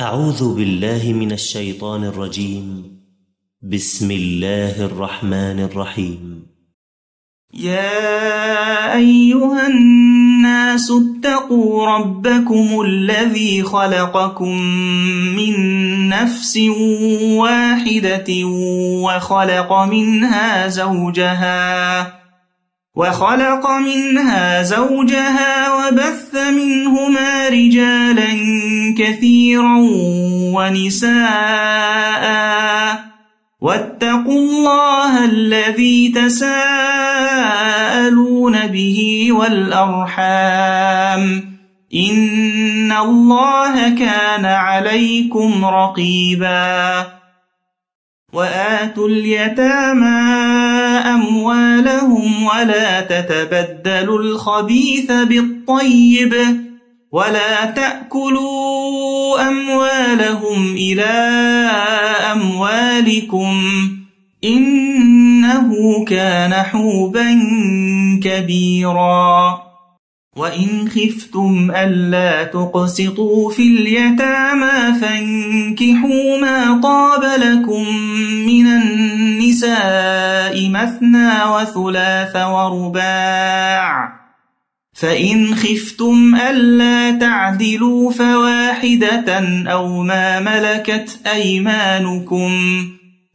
أعوذ بالله من الشيطان الرجيم بسم الله الرحمن الرحيم يا أيها الناس اتقوا ربكم الذي خلقكم من نفس واحدة وخلق منها زوجها وخلق منها زوجها وبث منهما رجالاً كثيرا ونساء واتقوا الله الذي تساءلون به والأرحام إن الله كان عليكم رقيبا وآتوا اليتامى أموالهم ولا تتبدلوا الخبيث بالطيب ولا تأكلوا أموالهم إلى أموالكم إنه كان حوبا كبيرا وإن خفتم ألا تقسطوا في اليتامى فانكحوا ما طاب لكم من النساء مثنى وثلاث ورباع فإن خفتم ألا تعدلوا فواحدة أو ما ملكت أيمانكم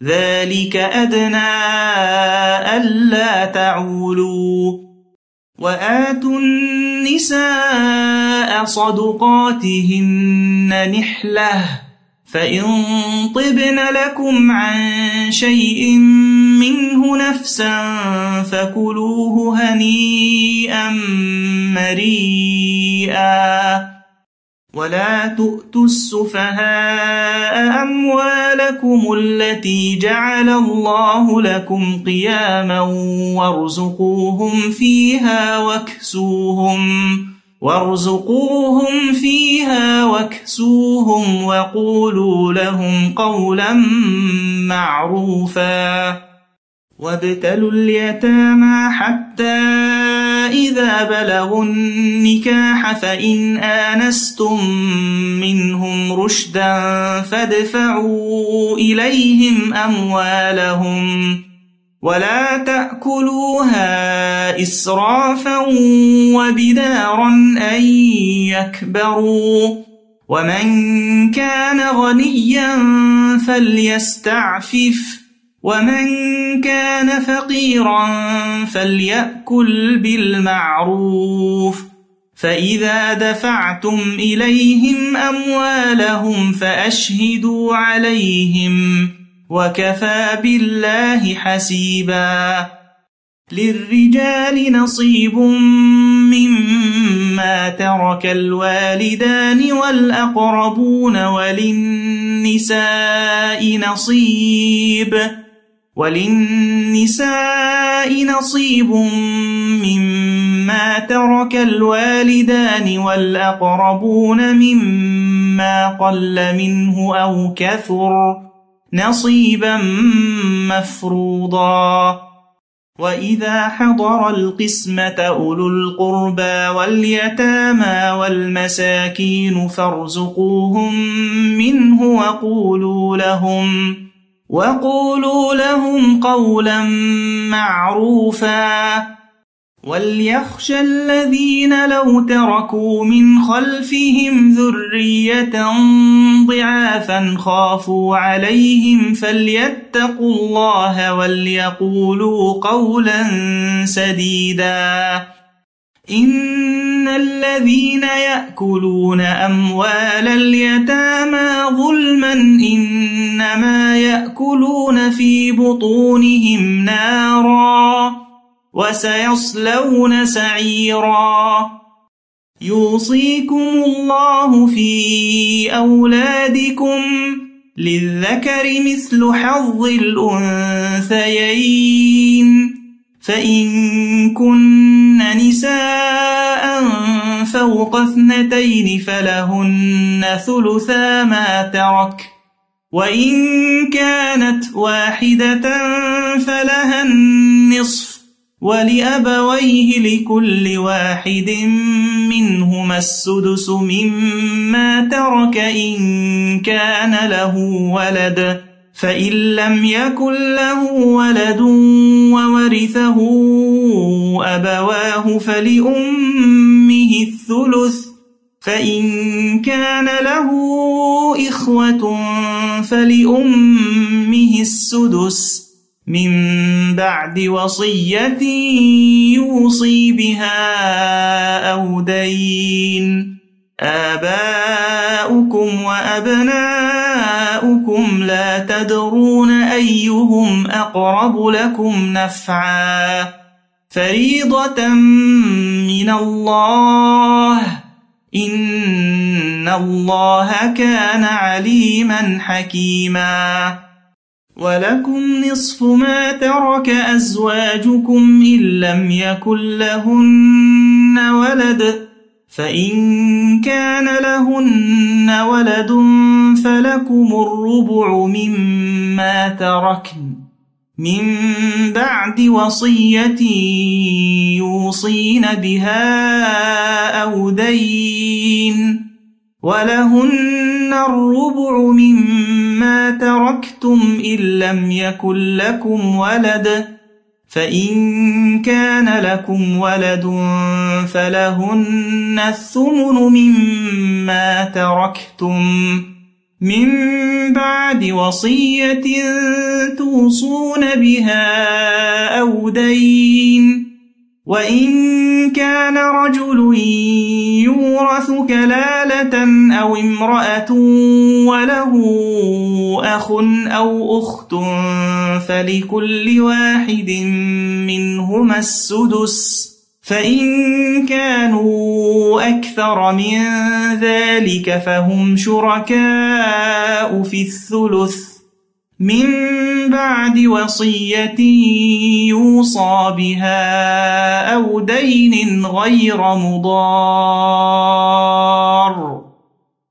ذلك أدنى ألا تعولوا وآتوا النساء صدقاتهن نحلةً فإن طبن لكم عن شيء منه نفسا فكلوه هنيئا مريئا ولا تؤتوا السفهاء أموالكم التي جعل الله لكم قياما وارزقوهم فيها واكسوهم وارزقوهم فيها واكسوهم وقولوا لهم قولا معروفا وابتلوا اليتامى حتى إذا بلغوا النكاح فإن آنستم منهم رشدا فادفعوا إليهم أموالهم ولا تأكلوها إسرافا وبدارا أن يكبروا ومن كان غنيا فليستعفف ومن كان فقيرا فليأكل بالمعروف فإذا دفعتم إليهم أموالهم فأشهدوا عليهم وكفى بالله حسيبا للرجال نصيب مما ترك الوالدان والأقربون وللنساء نصيب وللنساء نصيب مما ترك الوالدان والأقربون مما قل منه أو كثر نصيبا مفروضا وإذا حضر القسمة أولو القربى واليتامى والمساكين فارزقوهم منه وقولوا لهم وقولوا لهم قولا معروفا وليخشى الذين لو تركوا من خلفهم ذرية ضعافا خافوا عليهم فليتقوا الله وليقولوا قولا سديدا إن الذين يأكلون أموال اليتامى ظلما إنما يأكلون في بطونهم ناراً وسيصلون سعيرا يوصيكم الله في أولادكم للذكر مثل حظ الأنثيين فإن كن نساء فوق اثنتين فلهن ثلثا ما ترك وإن كانت واحدة فلها النصف ولأبويه لكل واحد منهما السدس مما ترك إن كان له ولد فإن لم يكن له ولد وورثه أبواه فلأمه الثلث فإن كان له إخوة فلأمه السدس من بعد وصية يوصي بها أو دين آباؤكم وأبناؤكم لا تدرون أيهم أقرب لكم نفعا فريضة من الله إن الله كان عليما حكيماً ولكم نصف ما ترك أزواجكم إن لم يكن لهن ولد فإن كان لهن ولد فلكم الربع مما تركن من بعد وصية يوصين بها أو دين ولهن الربع مما ما تركتم إن لم يكن لكم ولد فإن كان لكم ولد فلهن الثمن مما تركتم من بعد وصية توصون بها أو دين وَإِن كَانَ رَجُلٌ يُورَثُ كَلَالَةً أَوْ امْرَأَةٌ وَلَهُ أَخٌ أَوْ أُخْتٌ فَلِكُلِّ وَاحِدٍ مِنْهُمَا السُّدُسُ فَإِن كَانُوا أَكْثَرَ مِنْ ذَلِكَ فَهُمْ شُرَكَاءُ فِي الثُّلُثِ من بعد وصية يوصى بها أو دين غير مضار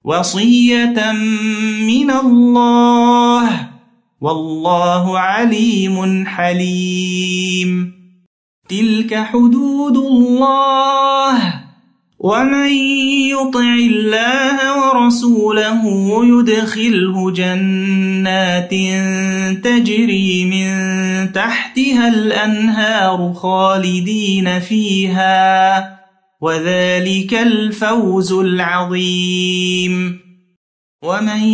وصية من الله والله عليم حليم تلك حدود الله ومن يطع الله ورسوله يدخله جنات تجري من تحتها الأنهار خالدين فيها وذلك الفوز العظيم ومن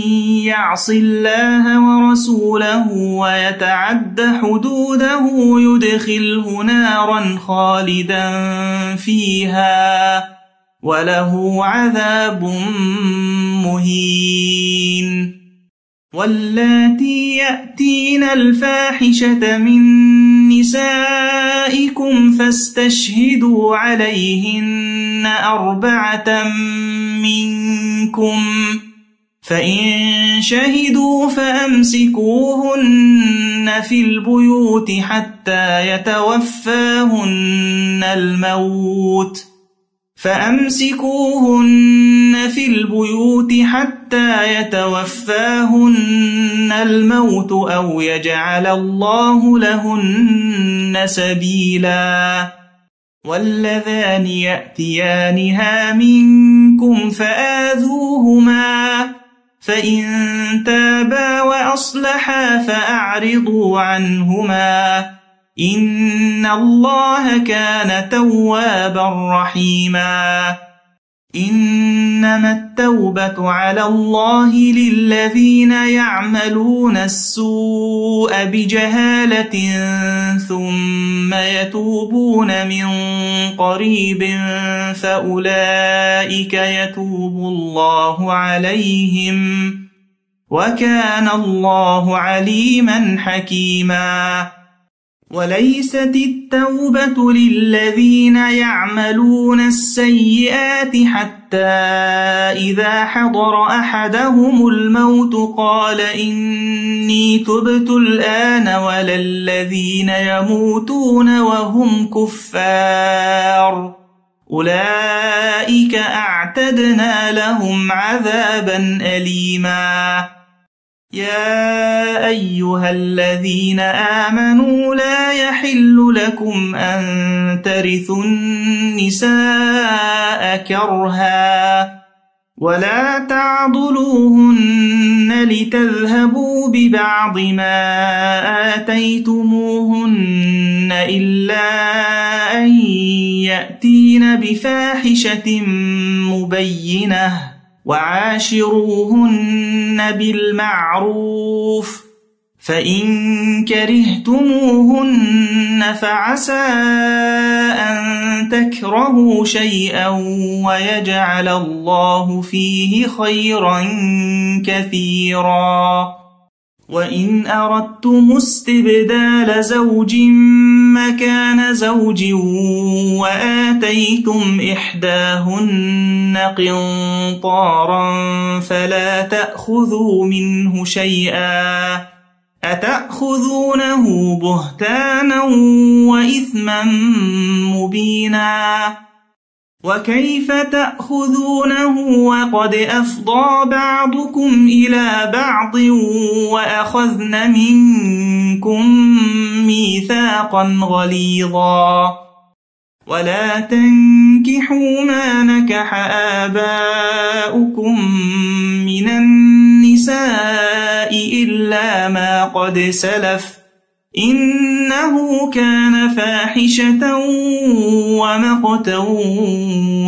يعص الله ورسوله ويتعد حدوده يدخله نارا خالدا فيها وله عذاب مهين واللاتي يأتين الفاحشة من نسائكم فاستشهدوا عليهن أربعة منكم فإن شهدوا فأمسكوهن في البيوت حتى يتوفاهن الموت ۖ فأمسكوهن في البيوت حتى يتوفاهن الموت أو يجعل الله لهن سبيلا واللذان يأتيانها منكم فآذوهما فإن تابا وأصلحا فأعرضوا عنهما إن الله كان توابا رحيما إنما التوبة على الله للذين يعملون السوء بجهالة ثم يتوبون من قريب فأولئك يتوب الله عليهم وكان الله عليما حكيما وليست التوبة للذين يعملون السيئات حتى إذا حضر أحدهم الموت قال إني تبت الآن ولا الذين يموتون وهم كفار أولئك أعتدنا لهم عذابا أليماً يا أيها الذين آمنوا لا يحل لكم أن ترثوا النساء كرها ولا تعضلوهن لتذهبوا ببعض ما آتيتموهن إلا أن يأتين بفاحشة مبينه وعاشروهن بالمعروف فإن كرهتموهن فعسى أن تكرهوا شيئا ويجعل الله فيه خيرا كثيراً وإن أردتم استبدال زوج مكان زوج وآتيتم إحداهن قنطارا فلا تأخذوا منه شيئا أتأخذونه بهتانا وإثما مبيناً وكيف تأخذونه وقد أفضى بعضكم إلى بعض وأخذن منكم ميثاقا غليظا ولا تنكحوا ما نكح آباؤكم من النساء إلا ما قد سلف إنه كان فاحشة ومقتا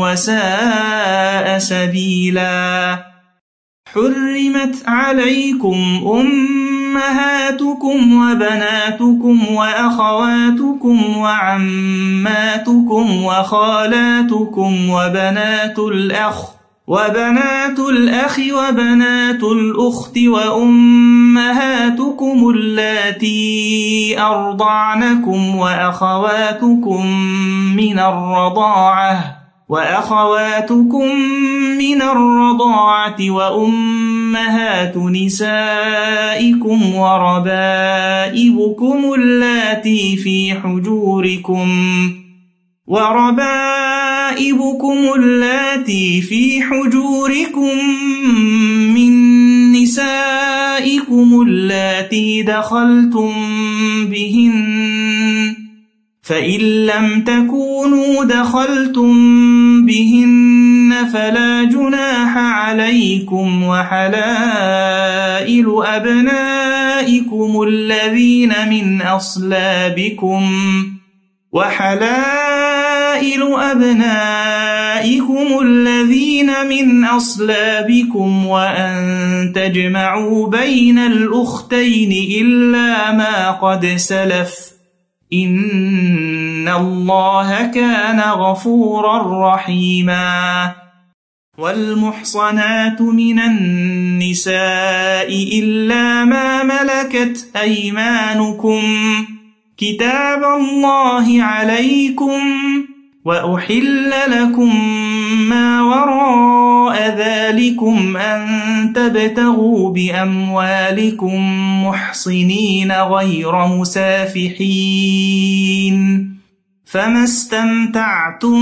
وساء سبيلا حرمت عليكم أمهاتكم وبناتكم وأخواتكم وعماتكم وخالاتكم وبنات الأخ وبنات الأخ وبنات الأخت وأمهاتكم اللاتي أرضعنكم وأخواتكم من الرضاعة وأخواتكم من الرضاعة وأمهات نسائكم وربائبكم اللاتي في حجوركم وربائبكم حبائبكم اللاتي في حجوركم من نسائكم اللاتي دخلتم بهن فإن لم تكونوا دخلتم بهن فلا جناح عليكم وحلائل أبنائكم الذين من أصلابكم وحلائل قبائل أبنائكم الذين من أصلابكم وأن تجمعوا بين الأختين إلا ما قد سلف إن الله كان غفورا رحيما والمحصنات من النساء إلا ما ملكت أيمانكم كتاب الله عليكم وأحل لكم ما وراء ذلكم أن تبتغوا بأموالكم محصنين غير مسافحين فما استمتعتم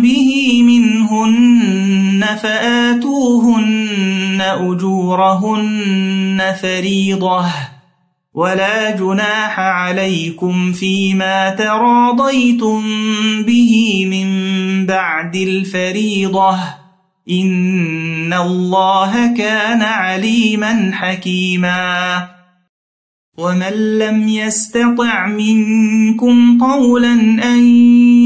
به منهن فآتوهن أجورهن فريضةً ولا جناح عليكم فيما تراضيتم به من بعد الفريضة إن الله كان عليما حكيماً ومن لم يستطع منكم قولا أن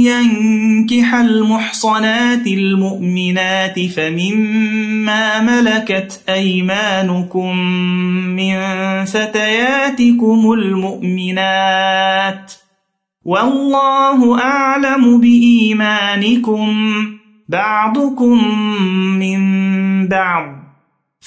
ينكح المحصنات المؤمنات فمما ملكت أيمانكم من فتياتكم المؤمنات والله أعلم بإيمانكم بعضكم من بعض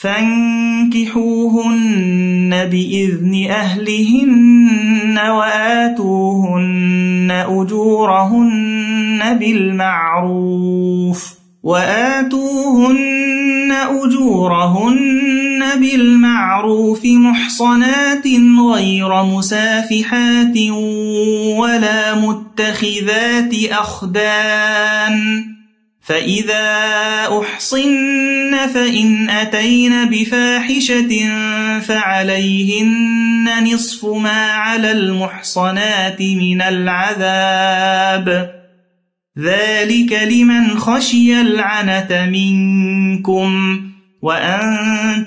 فانكحوهن بإذن أهلهن وآتوهن أجورهن بالمعروف وآتوهن أجورهن بالمعروف محصنات غير مسافحات ولا متخذات أخدان فإذا أحصن فإن أتين بفاحشة فعليهن نصف ما على المحصنات من العذاب ذلك لمن خشي العنة منكم وأن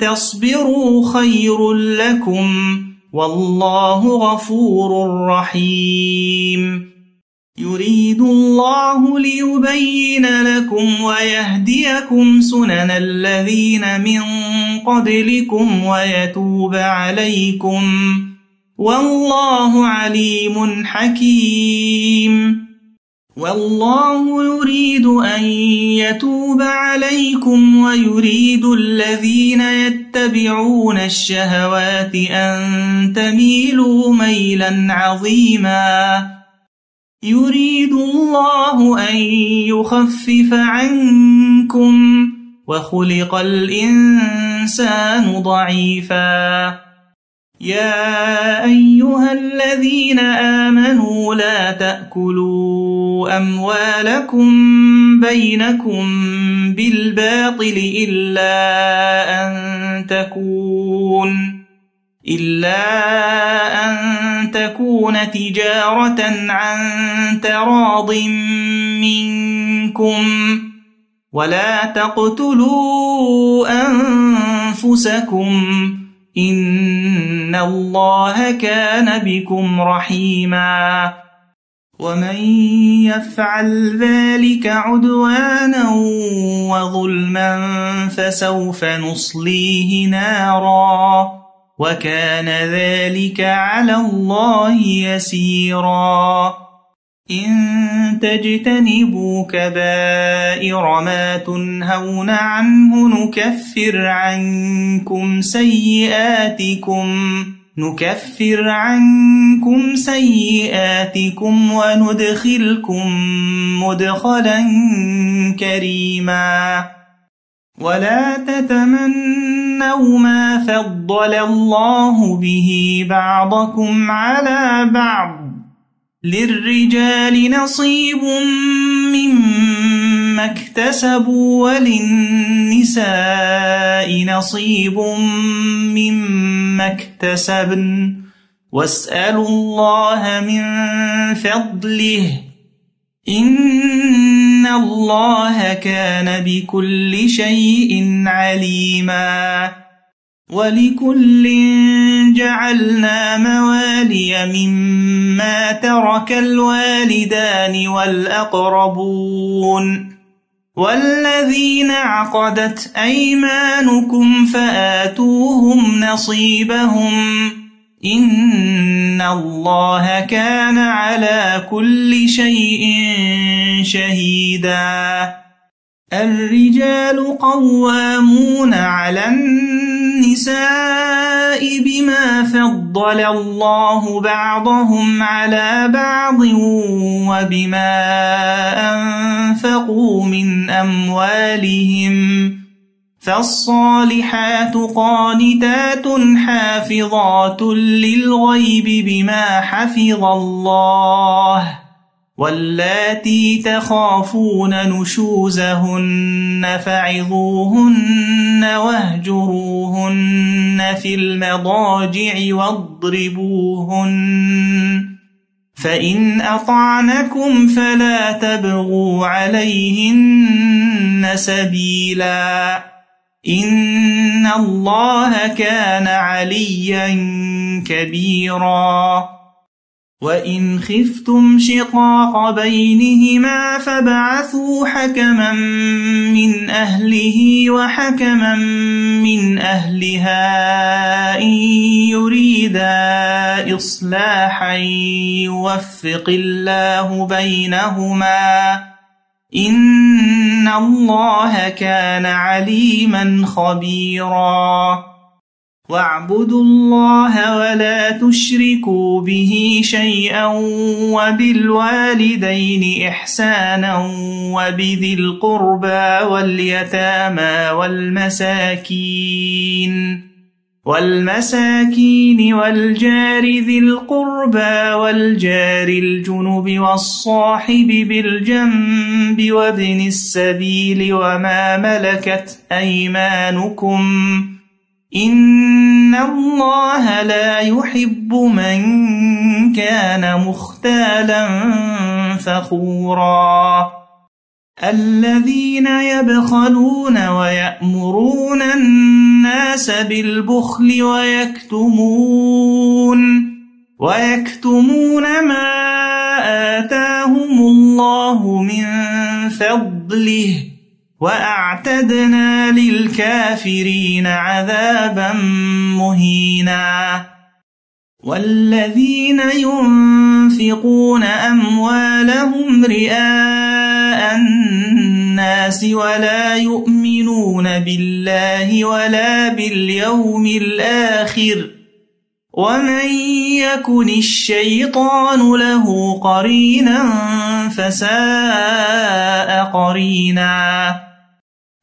تصبروا خير لكم والله غفور رحيم يريد الله ليبين لكم ويهديكم سنن الذين من قبلكم ويتوب عليكم والله عليم حكيم والله يريد أن يتوب عليكم ويريد الذين يتبعون الشهوات أن تميلوا ميلا عظيماً يريد الله أن يخفف عنكم وخلق الإنسان ضعيفا يا أيها الذين آمنوا لا تأكلوا أموالكم بينكم بالباطل إلا أن تكونوا إلا أن تكون تجارة عن تراض منكم ولا تقتلوا أنفسكم إن الله كان بكم رحيما ومن يفعل ذلك عدوانا وظلما فسوف نصليه ناراً وكان ذلك على الله يسيرا إن تجتنبوا كبائر ما تنهون عنه نكفر عنكم سيئاتكم نكفر عنكم سيئاتكم وندخلكم مدخلا كريما ولا تتمنوا أو ما فضل الله به بعضكم على بعض للرجال نصيب مما اكتسبوا وللنساء نصيب مما اكتسبن واسألوا الله من فضله إن الله كان بكل شيء عليما ولكل جعلنا موالي مما ترك الوالدان والأقربون والذين عقدت أيمانكم فآتوهم نصيبهم إن إن الله كان على كل شيء شهيدا الرجال قوامون على النساء بما فضل الله بعضهم على بعض وبما أنفقوا من أموالهم فالصالحات قانتات حافظات للغيب بما حفظ الله واللاتي تخافون نشوزهن فعظوهن واهجروهن في المضاجع واضربوهن فإن أطعنكم فلا تبغوا عليهن سبيلاً إن الله كان عليا كبيرا وإن خفتم شقاق بينهما فبعثوا حكما من أهله وحكما من أهلها إن يريدا إصلاحا يوفق الله بينهما إن الله كان عليما خبيرا واعبدوا الله ولا تشركوا به شيئا وبالوالدين إحسانا وبذي القربى واليتامى والمساكين والمساكين والجار ذي القربى والجار الجنب والصاحب بالجنب وابن السبيل وما ملكت أيمانكم إن الله لا يحب من كان مختالا فخوراً الذين يبخلون ويأمرون الناس بالبخل ويكتمون ويكتمون ما آتاهم الله من فضله وأعتدنا للكافرين عذابا مهينا والذين ينفقون أموالهم رئاسا الناس ولا يؤمنون بالله ولا باليوم الآخر ومن يكن الشيطان له قرينا فساء قرينا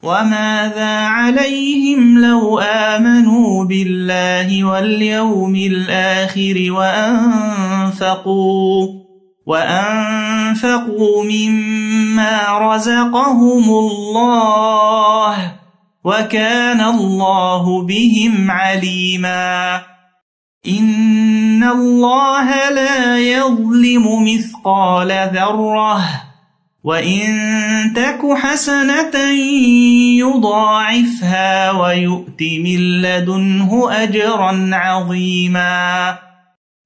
وماذا عليهم لو آمنوا بالله واليوم الآخر وأنفقوا وأنفقوا مما رزقهم الله وكان الله بهم عليما إن الله لا يظلم مثقال ذرة وإن تك حسنة يضاعفها ويؤت من لدنه أجرا عظيماً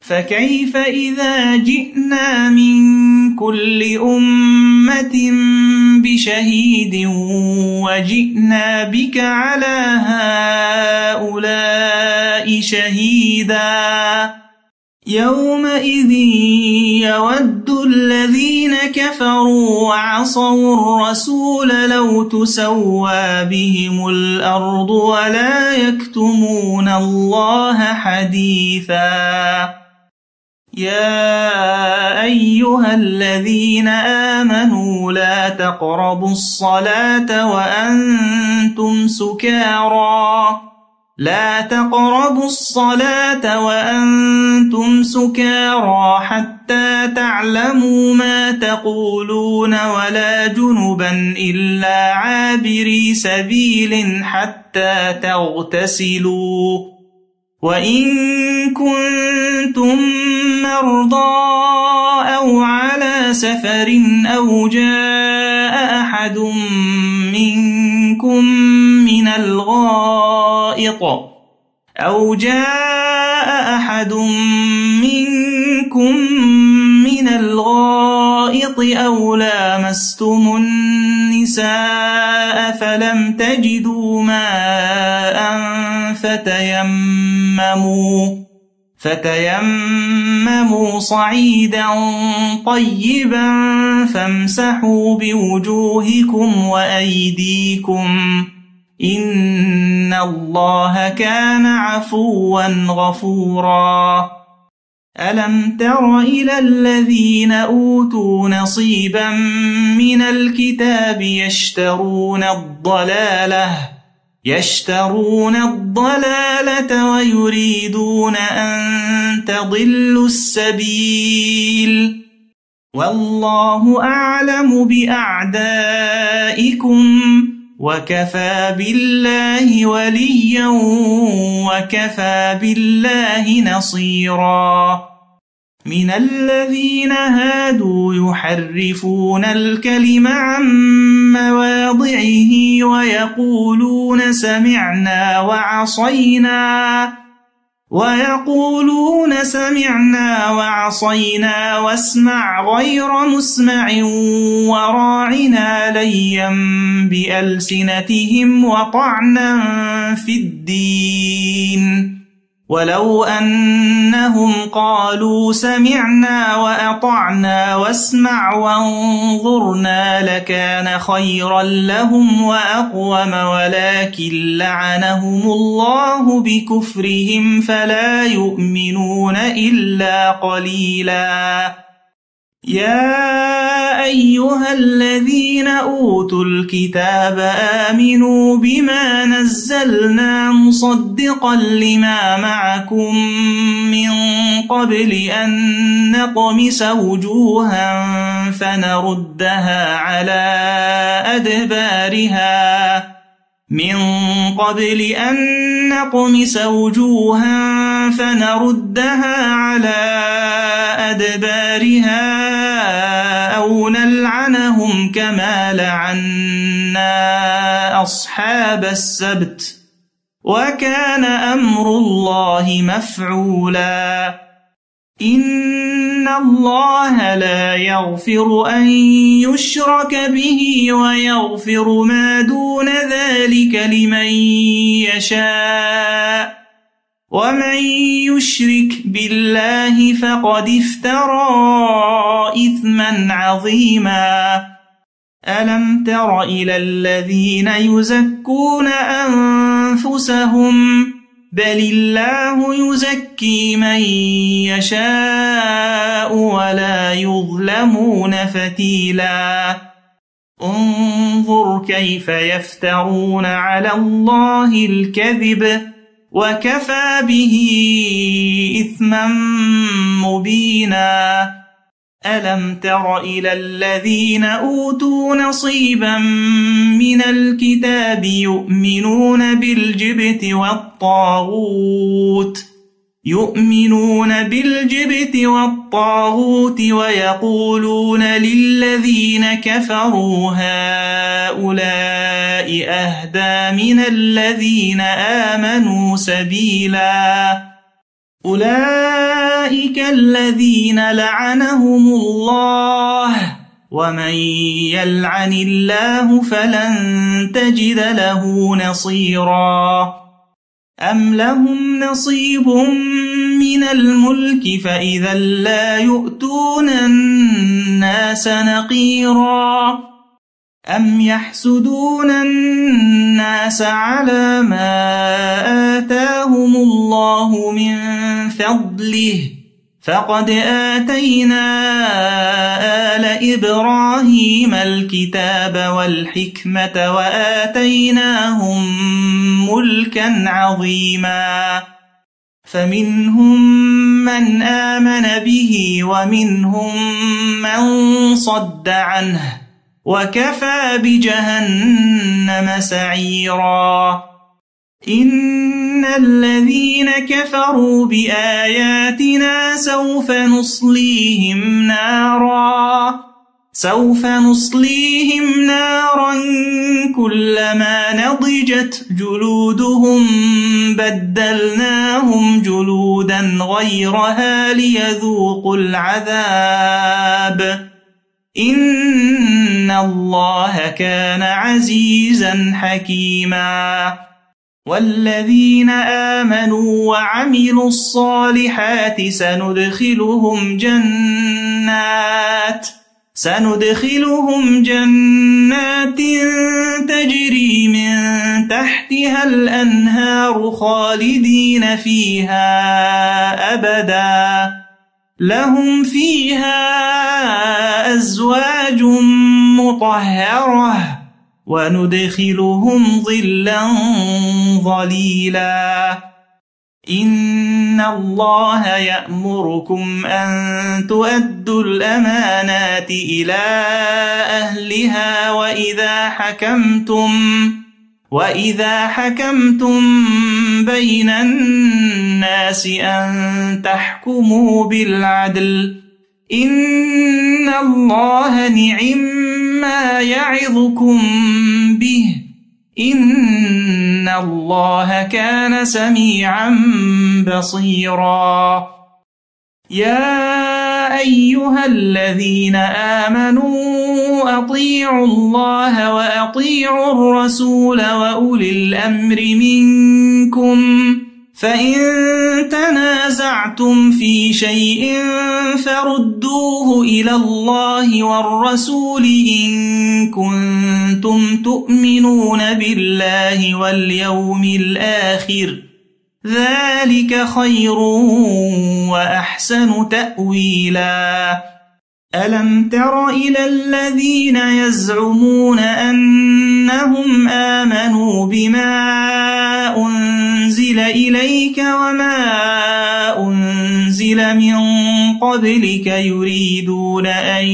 فكيف إذا جئنا من كل أمة بشهيد وجئنا بك على هؤلاء شهيدا يومئذ يود الذين كفروا وعصوا الرسول لو تسوى بهم الأرض ولا يكتمون الله حديثاً يا أيها الذين آمنوا لا تقربوا الصلاة وأنتم سكارى لا تقربوا الصلاة وأنتم سكارى حتى تعلموا ما تقولون ولا جنبا إلا عابري سبيل حتى تغتسلوا وإن كنتم مرضى أو على سفر أو جاء أحد منكم من الغائط أو جاء أحد منكم من الغائط أو لامستم النساء فلم تجدوا ماء فتيمم فتيمموا فتيمموا صعيدا طيبا فامسحوا بوجوهكم وأيديكم إن الله كان عفوا غفورا ألم تر إلى الذين أوتوا نصيبا من الكتاب يشترون الضلاله يشترون الضلالة ويريدون أن تضلوا السبيل والله أعلم بأعدائكم وكفى بالله وليا وكفى بالله نصيراً من الذين هادوا يحرفون الكلم عن مواضعه ويقولون سمعنا وعصينا ويقولون سمعنا وعصينا واسمع غير مسمع وراعنا ليا بألسنتهم وطعنا في الدين ولو أنهم قالوا سمعنا وأطعنا واسمع وانظرنا لكان خيرا لهم وأقوم ولكن لعنهم الله بكفرهم فلا يؤمنون إلا قليلاً يا أيها الذين أوتوا الكتاب آمنوا بما نزلنا مصدقا لما معكم من قبل أن نطمس وجوها فنردها على أدبارها من قبل أن نقمس وجوها فنردها على أدبارها أو نلعنهم كما لعنا أصحاب السبت وكان أمر الله مفعولاً إن الله لا يغفر أن يشرك به ويغفر ما دون ذلك لمن يشاء ومن يشرك بالله فقد افترى إثما عظيما ألم تر إلى الذين يزكون أنفسهم؟ بل الله يزكي من يشاء ولا يظلمون فتيلا انظر كيف يفترون على الله الكذب وكفى به إثما مبيناً ألم تر إلى الذين أوتوا نصيبا من الكتاب يؤمنون بالجبت والطاغوت يؤمنون بالجبت والطاغوت ويقولون للذين كفروا هؤلاء أهدى من الذين آمنوا سبيلا أولئك أولئك الذين لعنهم الله ومن يلعن الله فلن تجد له نصيرا أم لهم نصيب من الملك فإذا لا يؤتون الناس نقيراً أم يحسدون الناس على ما آتاهم الله من فضله فقد آتينا آل إبراهيم الكتاب والحكمة وآتيناهم ملكا عظيما فمنهم من آمن به ومنهم من صد عنه وكفى بجهنم سعيرا إن الذين كفروا بآياتنا سوف نصليهم نارا سوف نصليهم نارا كلما نضجت جلودهم بدلناهم جلودا غيرها ليذوقوا العذاب الله كان عزيزا حكيما والذين آمنوا وعملوا الصالحات سندخلهم جنات سندخلهم جنات تجري من تحتها الأنهار خالدين فيها أبدا لهم فيها أزواج مطهرة وندخلهم ظلا ظليلا إن الله يأمركم أن تؤدوا الأمانات إلى أهلها وإذا حكمتم وإذا حكمتم بين الناس أن تحكموا بالعدل إن الله نعم ما يعظكم به إن الله كان سميعا بصيرا يا أيها الذين آمنوا أطيعوا الله وأطيعوا الرسول وأولي الأمر منكم فإن تنازعتم في شيء فردوه إلى الله والرسول إن كنتم تؤمنون بالله واليوم الآخر ذلك خير وأحسن تأويلا ألم تر إلى الذين يزعمون أنهم آمنوا بما أنزل أنزل إليك وما أنزل من قبلك يريدون أن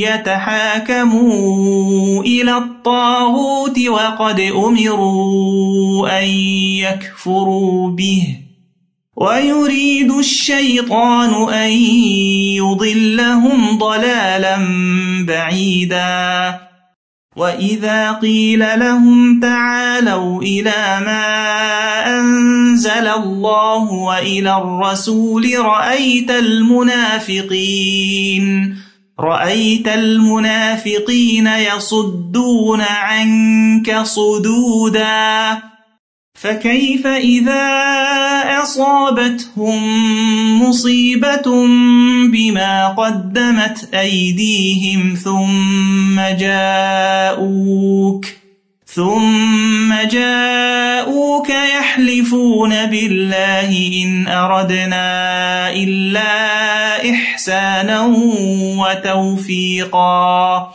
يتحاكموا إلى الطاغوت وقد أمروا أن يكفروا به ويريد الشيطان أن يضلهم ضلالا بعيدا وإذا قيل لهم تعالوا إلى ما أن أنزل الله وإلى الرسول رأيت المنافقين رأيت المنافقين يصدون عنك صدودا فكيف إذا أصابتهم مصيبة بما قدمت أيديهم ثم جاءوك ؟ ثم جاءوك يحلفون بالله إن أردنا إلا إحسانا وتوفيقا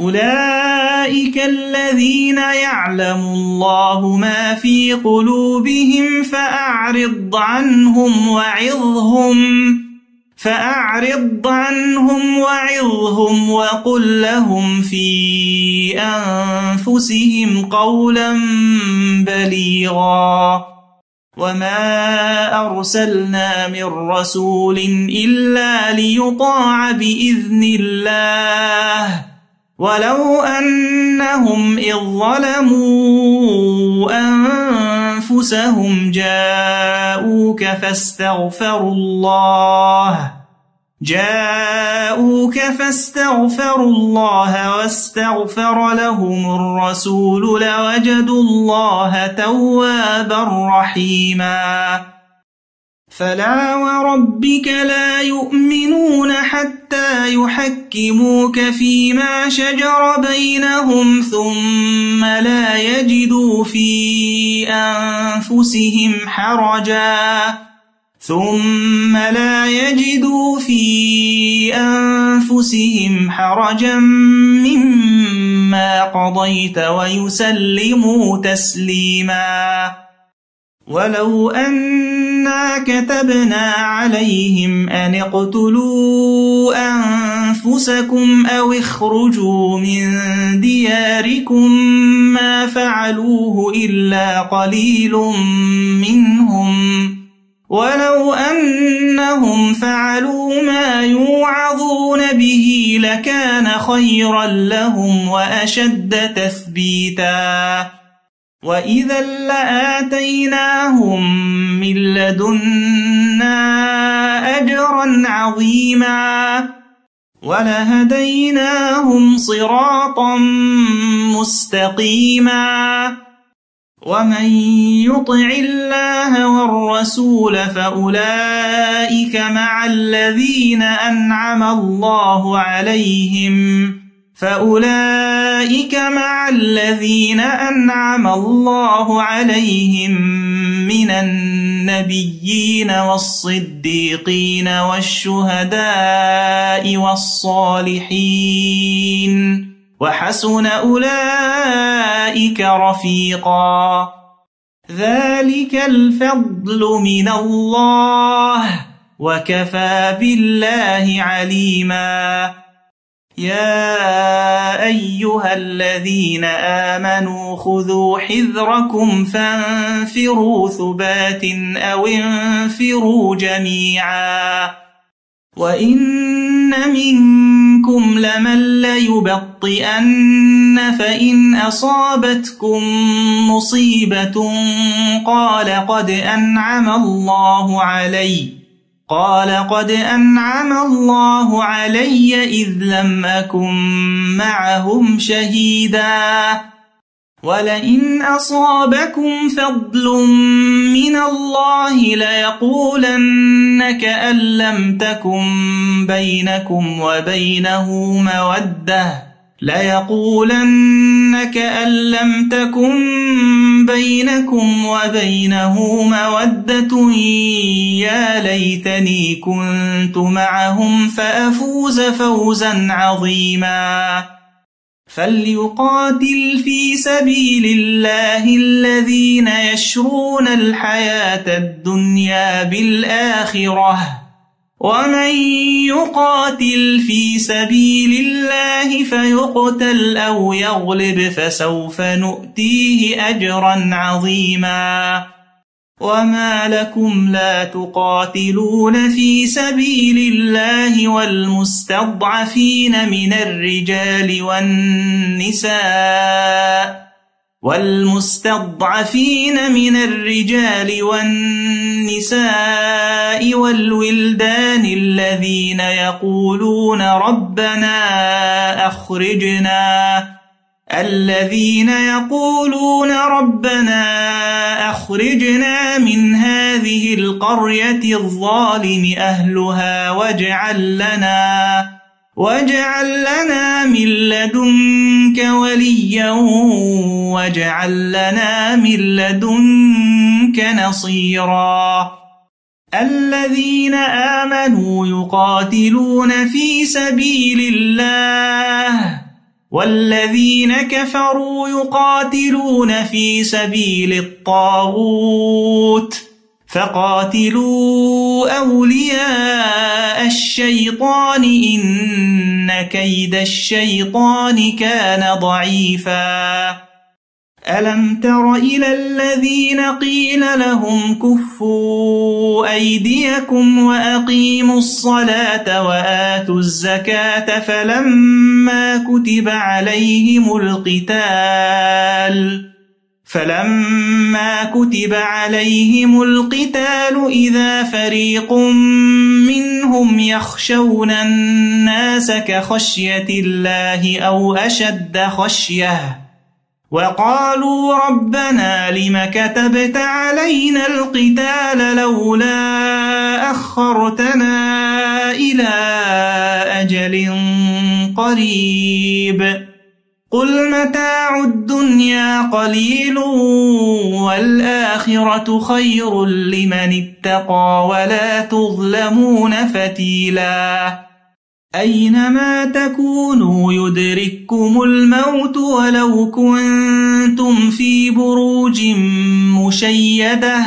أولئك الذين يعلم الله ما في قلوبهم فأعرض عنهم وعظهم فأعرض عنهم وعظهم وقل لهم في أنفسهم قولا بليغا وما أرسلنا من رسول إلا ليطاع بإذن الله ولو أنهم إذ ظلموا أن أنفسهم جاءوك فاستغفروا الله جاءوك فاستغفروا الله واستغفر لهم الرسول لوجدوا الله توابا رحيماً فلا وربك لا يؤمنون حتى يحكموك فيما شجر بينهم ثم لا يجدوا في أنفسهم حرجا ثم لا يجدوا في أنفسهم حرجا مما قضيت ويسلموا تسليما ولو أن كتبنا عليهم أن اقتلوا أنفسكم أو اخرجوا من دياركم ما فعلوه إلا قليل منهم ولو أنهم فعلوا ما يوعظون به لكان خيرا لهم وأشد تثبيتاً وإذا لآتيناهم من لدنا أجرا عظيما ولهديناهم صراطا مستقيما ومن يطع الله والرسول فأولئك مع الذين أنعم الله عليهم فأولئك أولئك مع الذين أنعم الله عليهم من النبيين والصديقين والشهداء والصالحين وحسن أولئك رفيقا ذلك الفضل من الله وكفى بالله عليماً يا أيها الذين آمنوا خذوا حذركم فانفروا ثبات أو انفروا جميعا وإن منكم لمن ليبطئن فإن أصابتكم مصيبة قال قد أنعم الله عليّ قال قد أنعم الله علي إذ لم أكن معهم شهيدا ولئن أصابكم فضل من الله ليقولن كأن لم تكن بينكم وبينه موده ليقولن كأن لم تكن بينكم وبينه مودة يا ليتني كنت معهم فأفوز فوزا عظيما فليقاتل في سبيل الله الذين يشرون الحياة الدنيا بالآخرة ومن يقاتل في سبيل الله فيقتل أو يغلب فسوف نؤتيه أجرا عظيما وما لكم لا تقاتلون في سبيل الله والمستضعفين من الرجال والنساء والمستضعفين من الرجال والنساء والولدان الذين يقولون ربنا أخرجنا الذين يقولون ربنا أخرجنا من هذه القرية الظالم أهلها واجعل لنا واجعل لنا من لدنك وليا واجعل لنا من لدنك نصيرا الذين آمنوا يقاتلون في سبيل الله والذين كفروا يقاتلون في سبيل الطاغوت فقاتلوا أولياء الشيطان إن كيد الشيطان كان ضعيفا ألم تر إلى الذين قيل لهم كفوا أيديكم وأقيموا الصلاة وآتوا الزكاة فلما كتب عليهم القتال فلما كتب عليهم القتال إذا فريق منهم يخشون الناس كخشية الله أو أشد خشية وقالوا ربنا لم كتبت علينا القتال لولا أخرتنا إلى أجل قريب قل متاع الدنيا قليل والآخرة خير لمن اتقى ولا تظلمون فتيلا أينما تكونوا يدرككم الموت ولو كنتم في بروج مشيدة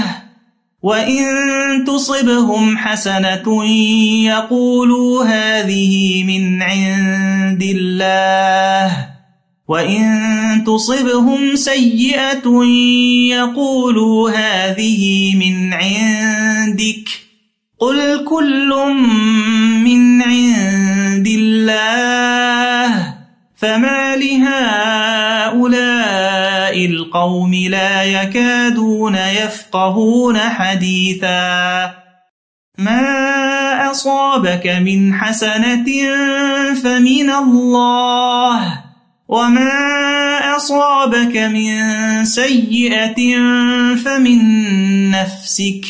وإن تصبهم حسنة يقولوا هذه من عند الله وإن تصبهم سيئة يقولوا هذه من عندك قل كل من عند الله فما لهؤلاء القوم لا يكادون يفقهون حديثا ما أصابك من حسنة فمن الله وما أصابك من سيئة فمن نفسك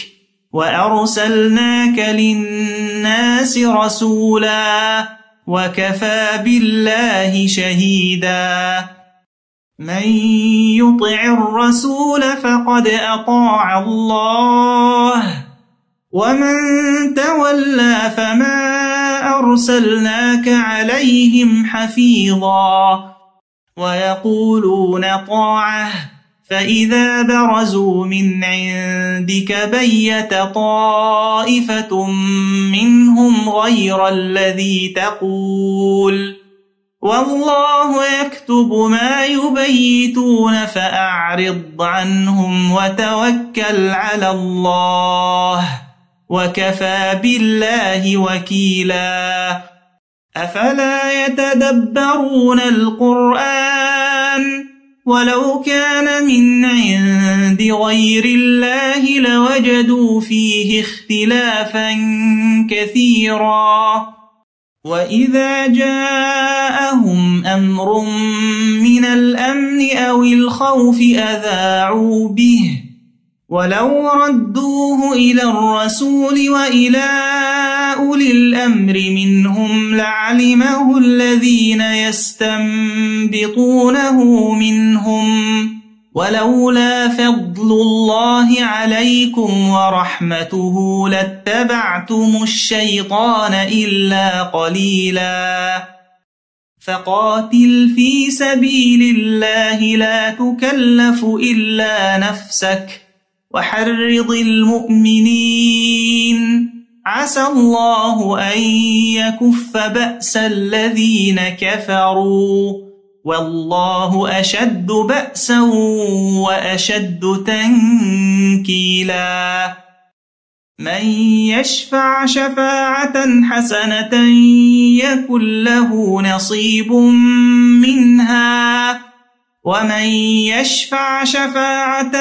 وأرسلناك للناس رسولا وكفى بالله شهيدا من يطع الرسول فقد أطاع الله ومن تولى فما أرسلناك عليهم حفيظاً ويقولون طاعة فإذا برزوا من عندك بيت طائفة منهم غير الذي تقول والله يكتب ما يبيتون فأعرض عنهم وتوكل على الله وكفى بالله وكيلاً أفلا يتدبرون القرآن ولو كان من عند غير الله لوجدوا فيه اختلافا كثيرا وإذا جاءهم أمر من الأمن أو الخوف أذاعوا به ولو ردوه إلى الرسول وإلى أولي الأمر منهم لعلمه الذين يستنبطونه منهم ولولا فضل الله عليكم ورحمته لاتبعتم الشيطان إلا قليلا فقاتل في سبيل الله لا تكلف إلا نفسك وحرض المؤمنين عسى الله أن يكف بأس الذين كفروا والله أشد بأسا وأشد تنكيلا من يشفع شفاعة حسنة يكن له نصيب منها ومن يشفع شفاعة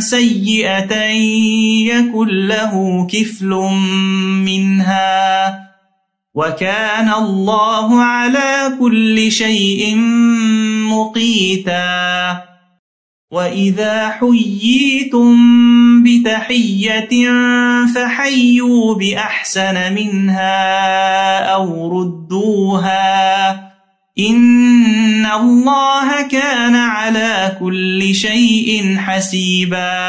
سيئة يكن له كفل منها وكان الله على كل شيء مقيتا وإذا حييتم بتحية فحيوا بأحسن منها أو ردوها إن الله كان على كل شيء حسيبا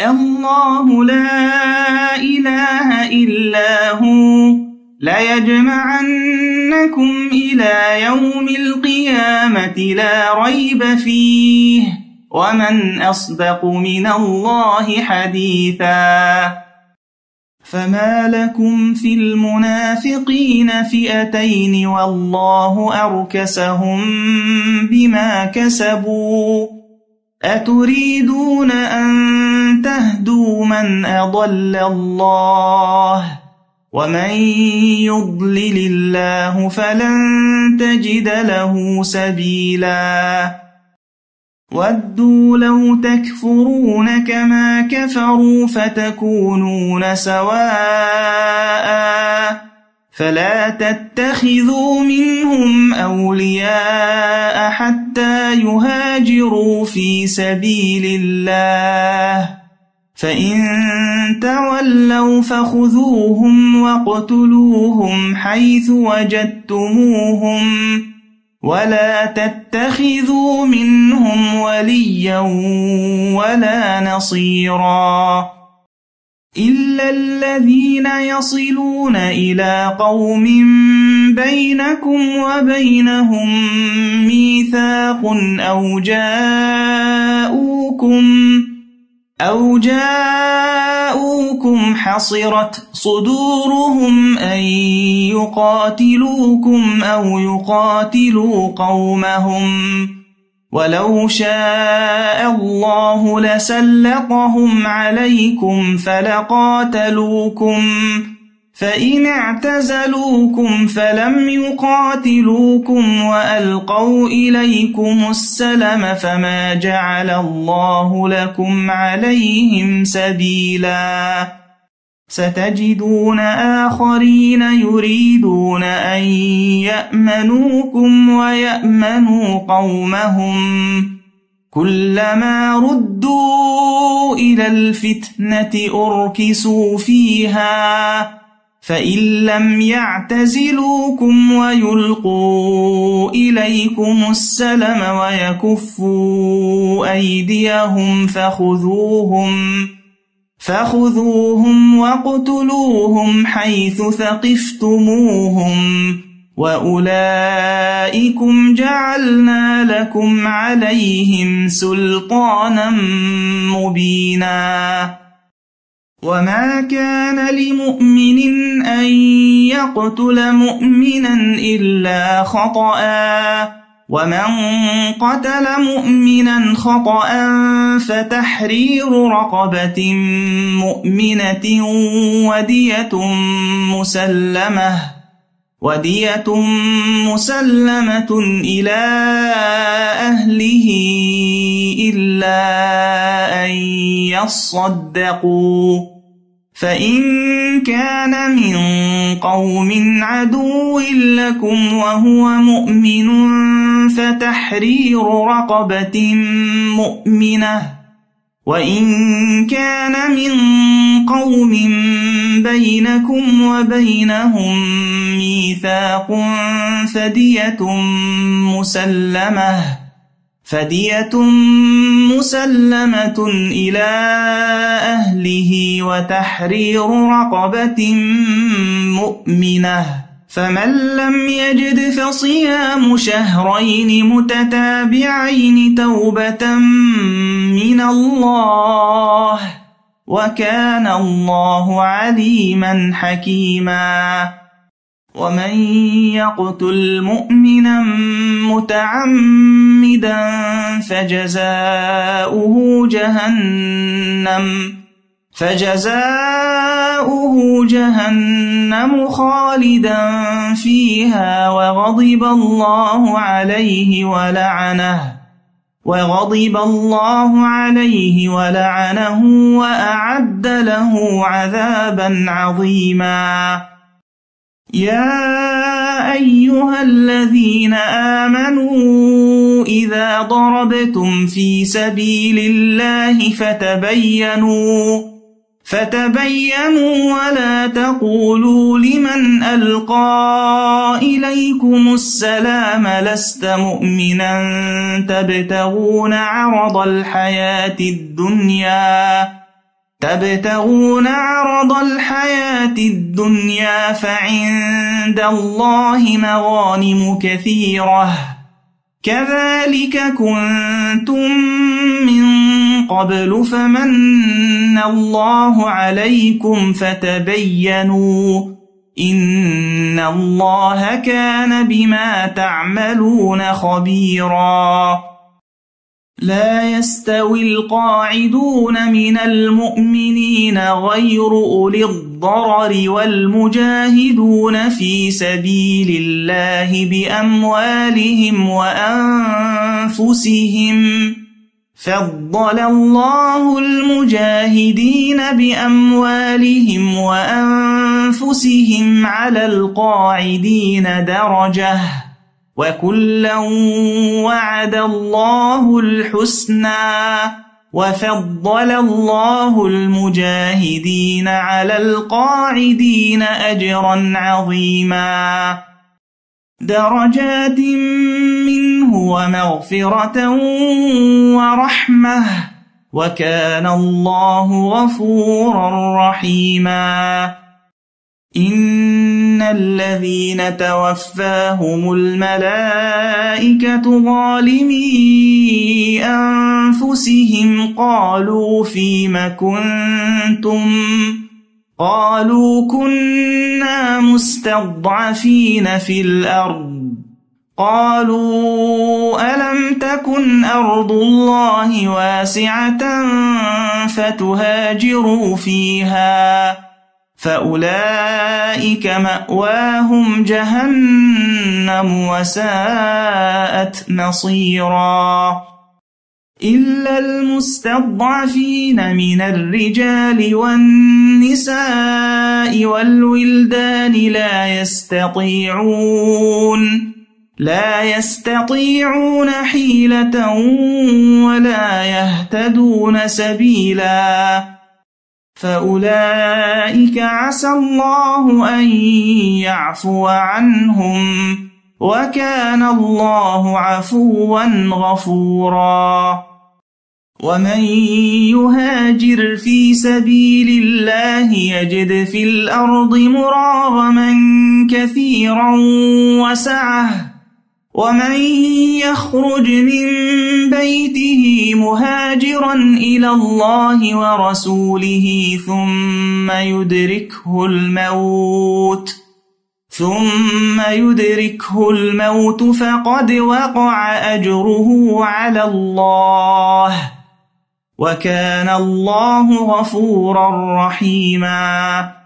الله لا إله إلا هو ليجمعنكم إلى يوم القيامة لا ريب فيه ومن أصدق من الله حديثاً فما لكم في المنافقين فئتين والله أركسهم بما كسبوا أتريدون أن تهدوا من أضل الله ومن يضلل الله فلن تجد له سبيلاً ودوا لو تكفرون كما كفروا فتكونون سواء فلا تتخذوا منهم أولياء حتى يهاجروا في سبيل الله فإن تولوا فخذوهم وقتلوهم حيث وجدتموهم ولا تتخذوا منهم وليا ولا نصيرا إلا الذين يصلون إلى قوم بينكم وبينهم ميثاق أو جاءوكم أو جاءوكم حصرت صدورهم أن يقاتلوكم أو يقاتلوا قومهم ولو شاء الله لسلطهم عليكم فلقاتلوكم فإن اعتزلوكم فلم يقاتلوكم وألقوا إليكم السلم فما جعل الله لكم عليهم سبيلا ستجدون آخرين يريدون أن يأمنوكم ويأمنوا قومهم كلما ردوا إلى الفتنة أركسوا فيها فإن لم يعتزلوكم ويلقوا إليكم السلم ويكفوا أيديهم فخذوهم فخذوهم واقتلوهم حيث ثقفتموهم وأولئكم جعلنا لكم عليهم سلطانا مبيناً وما كان لمؤمن أن يقتل مؤمنا إلا خطأ ومن قتل مؤمنا خطأ فتحرير رقبة مؤمنة ودية مسلمه ودية مسلمة إلى أهله إلا أن يصدقوا فإن كان من قوم عدو لكم وهو مؤمن فتحرير رقبة مؤمنه وإن كان من قوم بينكم وبينهم ميثاق فدية مسلمة فدية مسلمة إلى أهله وتحرير رقبة مؤمنة فمن لم يجد فصيام شهرين متتابعين توبة من الله وكان الله عليما حكيما ومن يقتل مؤمنا متعمدا فجزاؤه جهنم فجزاؤه جهنم خالدا فيها وغضب الله عليه ولعنه وغضب الله عليه ولعنه وأعد له عذابا عظيما يا أيها الذين آمنوا إذا ضربتم في سبيل الله فتبينوا فتبينوا ولا تقولوا لمن ألقى إليكم السلام لست مؤمنا تبتغون عرض الحياة الدنيا تبتغون عرض الحياة الدنيا فعند الله مغانم كثيرة كذلك كنتم من قبل فمن الله عليكم فتبينوا إن الله كان بما تعملون خبيرا لا يستوي القاعدون من المؤمنين غير أولي الضرر والمجاهدون في سبيل الله بأموالهم وأنفسهم فضل الله المجاهدين بأموالهم وأنفسهم على القاعدين درجة وكلا وعد الله الحسنى وفضل الله المجاهدين على القاعدين أجرا عظيما درجات ومغفرة ورحمة وكان الله غفورا رحيما إن الذين توفاهم الملائكة ظالمي أنفسهم قالوا فيم كنتم قالوا كنا مستضعفين في الأرض قالوا ألم تكن أرض الله واسعة فتهاجروا فيها فأولئك مأواهم جهنم وساءت مصيرا إلا المستضعفين من الرجال والنساء والولدان لا يستطيعون لا يستطيعون حيلة ولا يهتدون سبيلا فأولئك عسى الله أن يعفو عنهم وكان الله عفوا غفورا ومن يهاجر في سبيل الله يجد في الأرض مراغما كثيرا وسعه ومن يخرج من بيته مهاجرا إلى الله ورسوله ثم يدركه الموت ثم يدركه الموت فقد وقع أجره على الله وكان الله غفورا رحيماً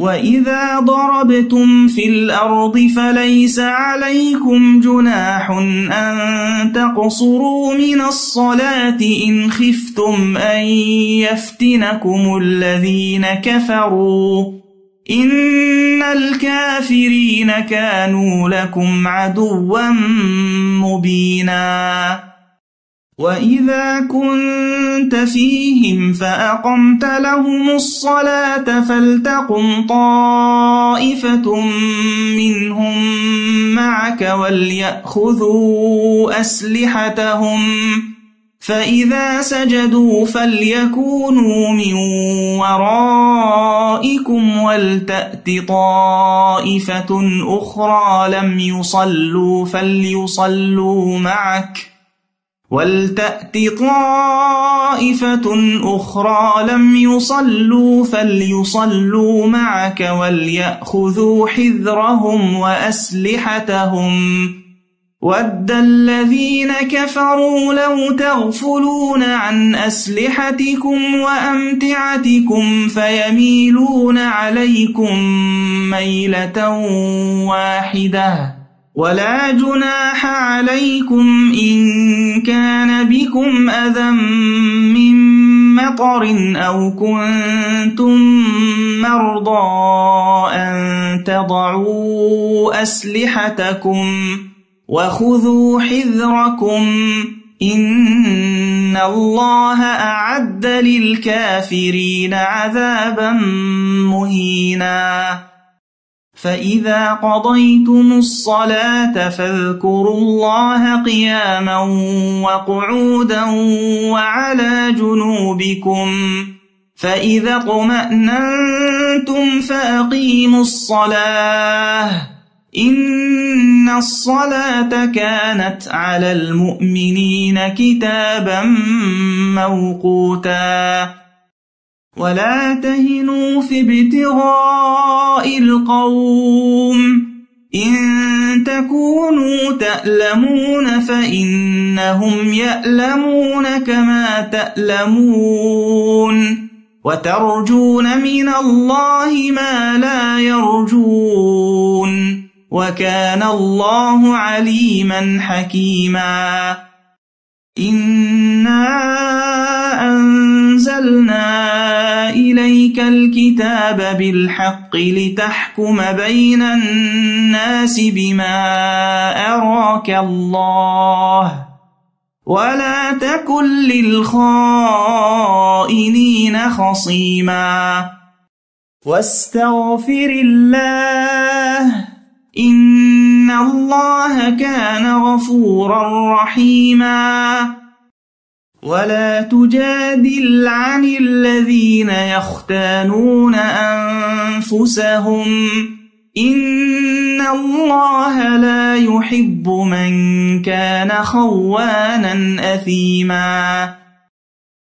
وإذا ضربتم في الأرض فليس عليكم جناح أن تقصروا من الصلاة إن خفتم أن يفتنكم الذين كفروا إن الكافرين كانوا لكم عدوا مبيناً وإذا كنت فيهم فأقمت لهم الصلاة فلتقم طائفة منهم معك وليأخذوا أسلحتهم فإذا سجدوا فليكونوا من ورائكم ولتأت طائفة أخرى لم يصلوا فليصلوا معك ۖ ولتأت طائفة أخرى لم يصلوا فليصلوا معك وليأخذوا حذرهم وأسلحتهم ود الذين كفروا لو تغفلون عن أسلحتكم وأمتعتكم فيميلون عليكم ميلة واحدة ولا جناح عليكم إن كان بكم أذى من مطر أو كنتم مرضى أن تضعوا أسلحتكم وخذوا حذركم إن الله أعد للكافرين عذابا مهيناً فإذا قضيتم الصلاة فاذكروا الله قياما وقعودا وعلى جنوبكم فإذا اطمأنتم فأقيموا الصلاة إن الصلاة كانت على المؤمنين كتابا موقوتاً ولا تهنوا في ابتغاء القوم إن تكونوا تألمون فإنهم يألمون كما تألمون وترجون من الله ما لا يرجون وكان الله عليما حكيما إنا أنزلنا إليك الكتاب بالحق لتحكم بين الناس بما أراك الله ولا تكن للخائنين خصيما واستغفر الله إن الله كان غفورا رحيماً ولا تجادل عن الذين يختانون أنفسهم إن الله لا يحب من كان خوانا أثيما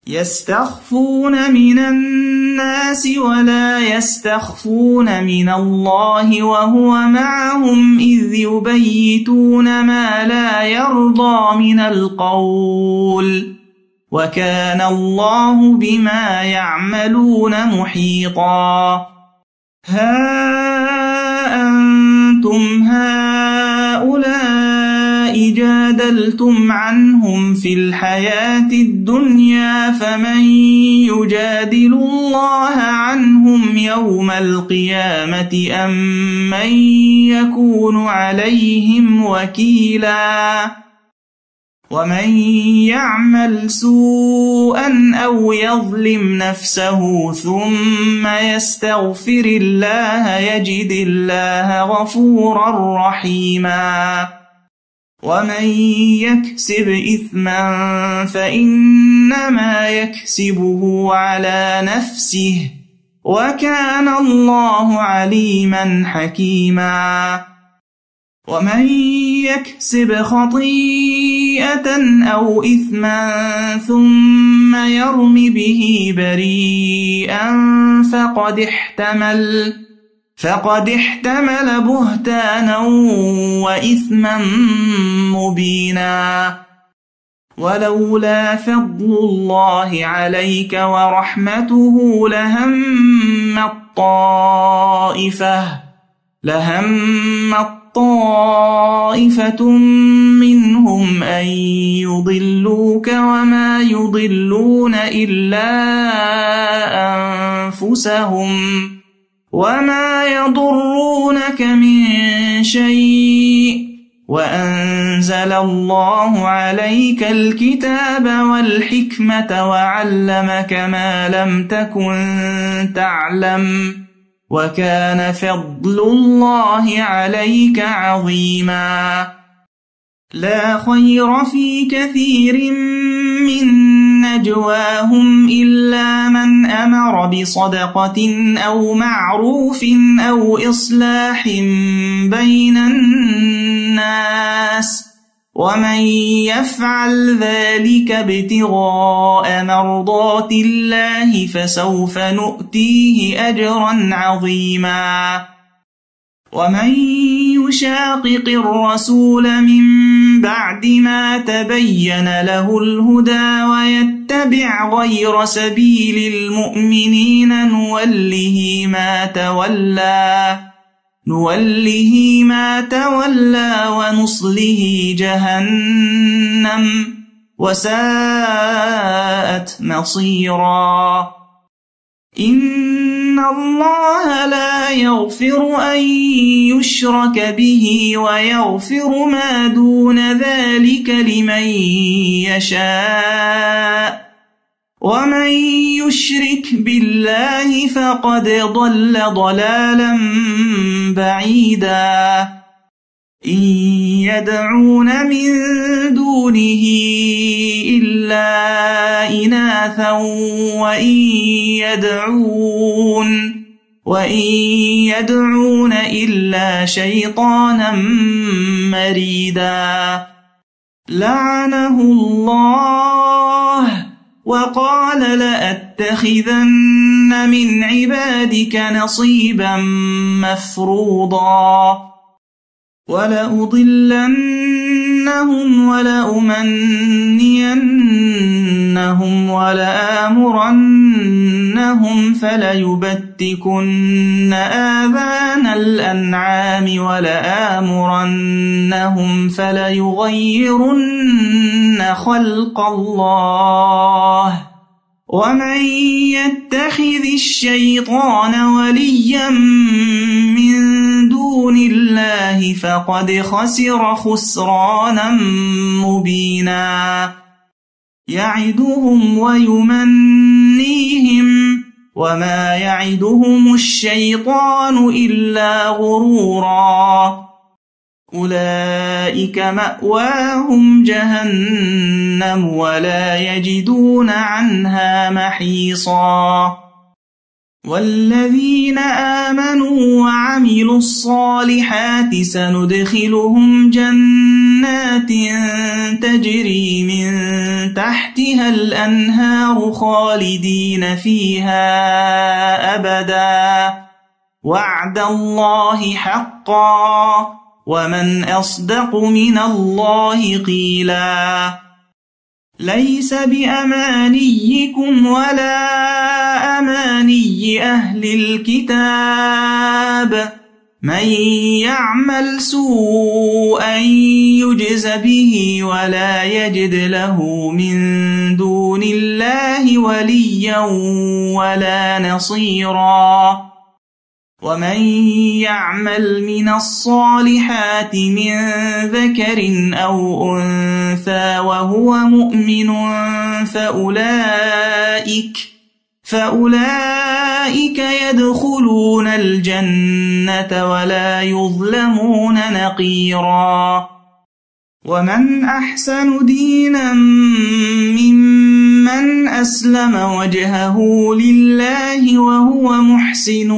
يستخفون من الناس ولا يستخفون من الله وهو معهم إذ يبيتون ما لا يرضى من القول وكان الله بما يعملون محيطا ها أنتم هؤلاء جادلتم عنهم في الحياة الدنيا فمن يجادل الله عنهم يوم القيامة أم من يكون عليهم وكيلاً ومن يعمل سوءا أو يظلم نفسه ثم يستغفر الله يجد الله غفورا رحيما ومن يكسب إثما فإنما يكسبه على نفسه وكان الله عليما حكيما ومن يكسب خطيئة أو إثما ثم يرم به بريئا فقد احتمل فقد احتمل بهتانا وإثما مبينا ولولا فضل الله عليك ورحمته لهم الطائفة لهم الطائفة طائفة منهم أن يضلوك وما يضلون إلا أنفسهم وما يضرونك من شيء وأنزل الله عليك الكتاب والحكمة وعلمك ما لم تكن تعلم وكان فضل الله عليك عظيما لا خير في كثير من نجواهم إلا من أمر بصدقة أو معروف أو إصلاح بين الناس ۖ ومن يفعل ذلك ابتغاء مرضات الله فسوف نؤتيه أجرا عظيما ومن يشاقق الرسول من بعد ما تبين له الهدى ويتبع غير سبيل المؤمنين نوله ما تولى نوله ما تولى ونصله جهنم وساءت مصيرا إن الله لا يغفر أن يشرك به ويغفر ما دون ذلك لمن يشاء ومن يشرك بالله فقد ضل ضلالا بعيدا إن يدعون من دونه إلا إناثا وإن يدعون وإن يدعون إلا شيطانا مريدا لعنه الله وقال لأتخذن من عبادك نصيبا مفروضا ولأضلنهم ولأمنينهم ولآمرنهم فليبت لأمتكن آبان الأنعام ولآمرنهم فليغيرن خلق الله ومن يتخذ الشيطان وليا من دون الله فقد خسر خسرانا مبينا يعدهم ويمن وما يعدهم الشيطان إلا غرورا أولئك مأواهم جهنم ولا يجدون عنها محيصا والذين آمنوا وعملوا الصالحات سندخلهم جنات جنات تجري من تحتها الأنهار خالدين فيها أبدا وعد الله حقا ومن أصدق من الله قيلا ليس بأمانيكم ولا أماني أهل الكتاب من يعمل سوءا يجز به ولا يجد له من دون الله وليا ولا نصيرا ومن يعمل من الصالحات من ذكر أو أنثى وهو مؤمن فأولئك فأولئك يدخلون الجنة ولا يظلمون نقيرا ومن أحسن دينا ممن أسلم وجهه لله وهو محسن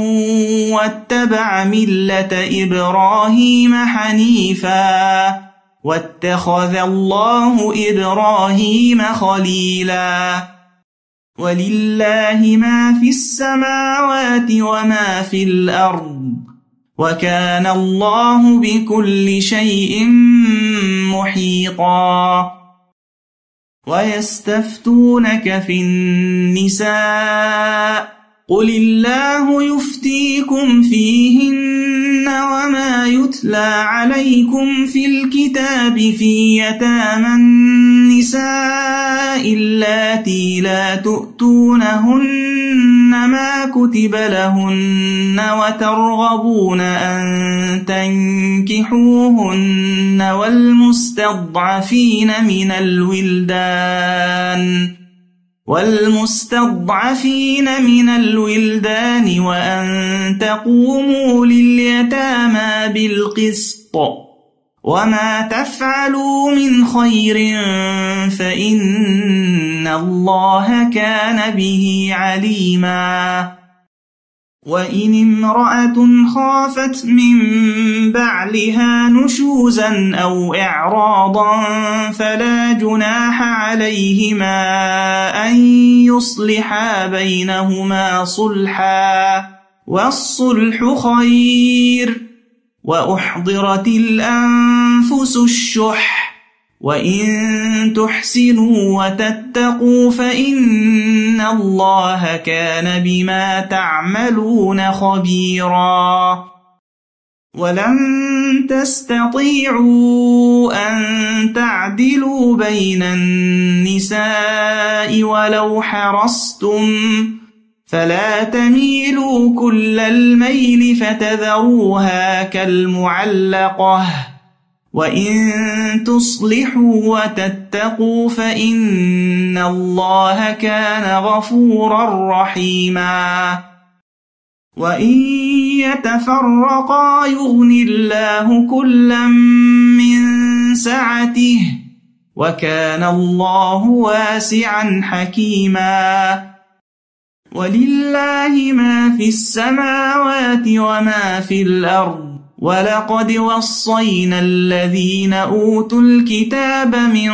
واتبع ملة إبراهيم حنيفا واتخذ الله إبراهيم خليلاً ولله ما في السماوات وما في الأرض وكان الله بكل شيء محيطا ويستفتونك في النساء قل الله يفتيكم فيهن وما يتلى عليكم في الكتاب في يتامى النساء اللاتي لا تؤتونهن ما كتب لهن وترغبون أن تنكحوهن والمستضعفين من الولدان والمستضعفين من الولدان وأن تقوموا لليتامى بالقسط وما تفعلوا من خير فإن الله كان به عليماً وإن امرأة خافت من بعلها نشوزا أو إعراضا فلا جناح عليهما أن يصلحا بينهما صلحا والصلح خير وأحضرت الأنفس الشح وإن تحسنوا وتتقوا فإن الله كان بما تعملون خبيرا ولن تستطيعوا أن تعدلوا بين النساء ولو حرصتم فلا تميلوا كل الميل فتذروها كالمعلقه وإن تصلحوا وتتقوا فإن الله كان غفورا رحيما وإن يتفرقا يغن الله كلا من سعته وكان الله واسعا حكيما ولله ما في السماوات وما في الأرض ولقد وصينا الذين أوتوا الكتاب من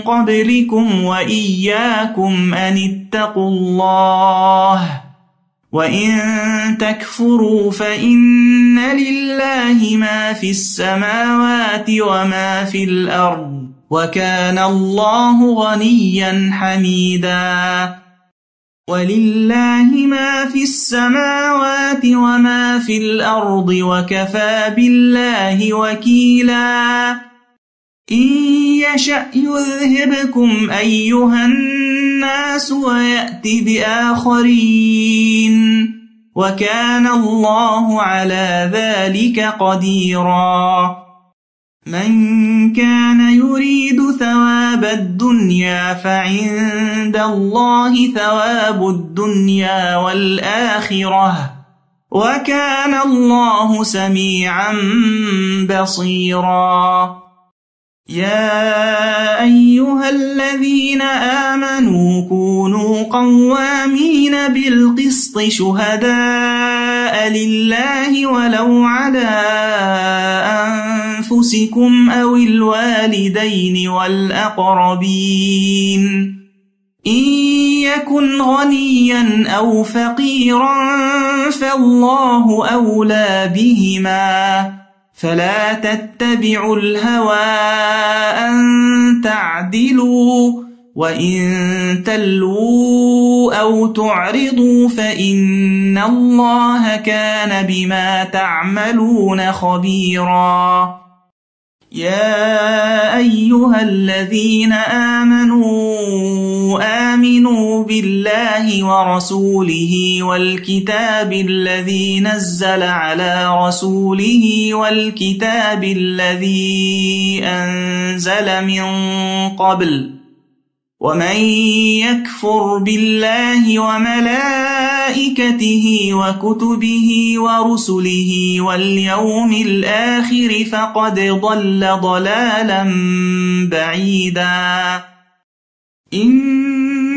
قبلكم وإياكم أن اتقوا الله وإن تكفروا فإن لله ما في السماوات وما في الأرض وكان الله غنيا حميداً ولله ما في السماوات وما في الأرض وكفى بالله وكيلا إن يشأ يذهبكم أيها الناس ويأت بآخرين وكان الله على ذلك قديراً من كان يريد ثواب الدنيا فعند الله ثواب الدنيا والآخرة وكان الله سميعا بصيرا يا أيها الذين آمنوا كونوا قوامين بالقسط شهداء لله ولو على أن أنفسكم أو الوالدين والأقربين إن يكن غنيا أو فقيرا فالله أولى بهما فلا تتبعوا الهوى أن تعدلوا وإن تلووا أو تعرضوا فإن الله كان بما تعملون خبيراً يا أيها الذين آمنوا آمنوا بالله ورسوله والكتاب الذي نزل على رسوله والكتاب الذي أنزل من قبل ومن يكفر بالله وملائكته وملائكته وكتبه ورسله واليوم الآخر فقد ضل ضلالا بعيدا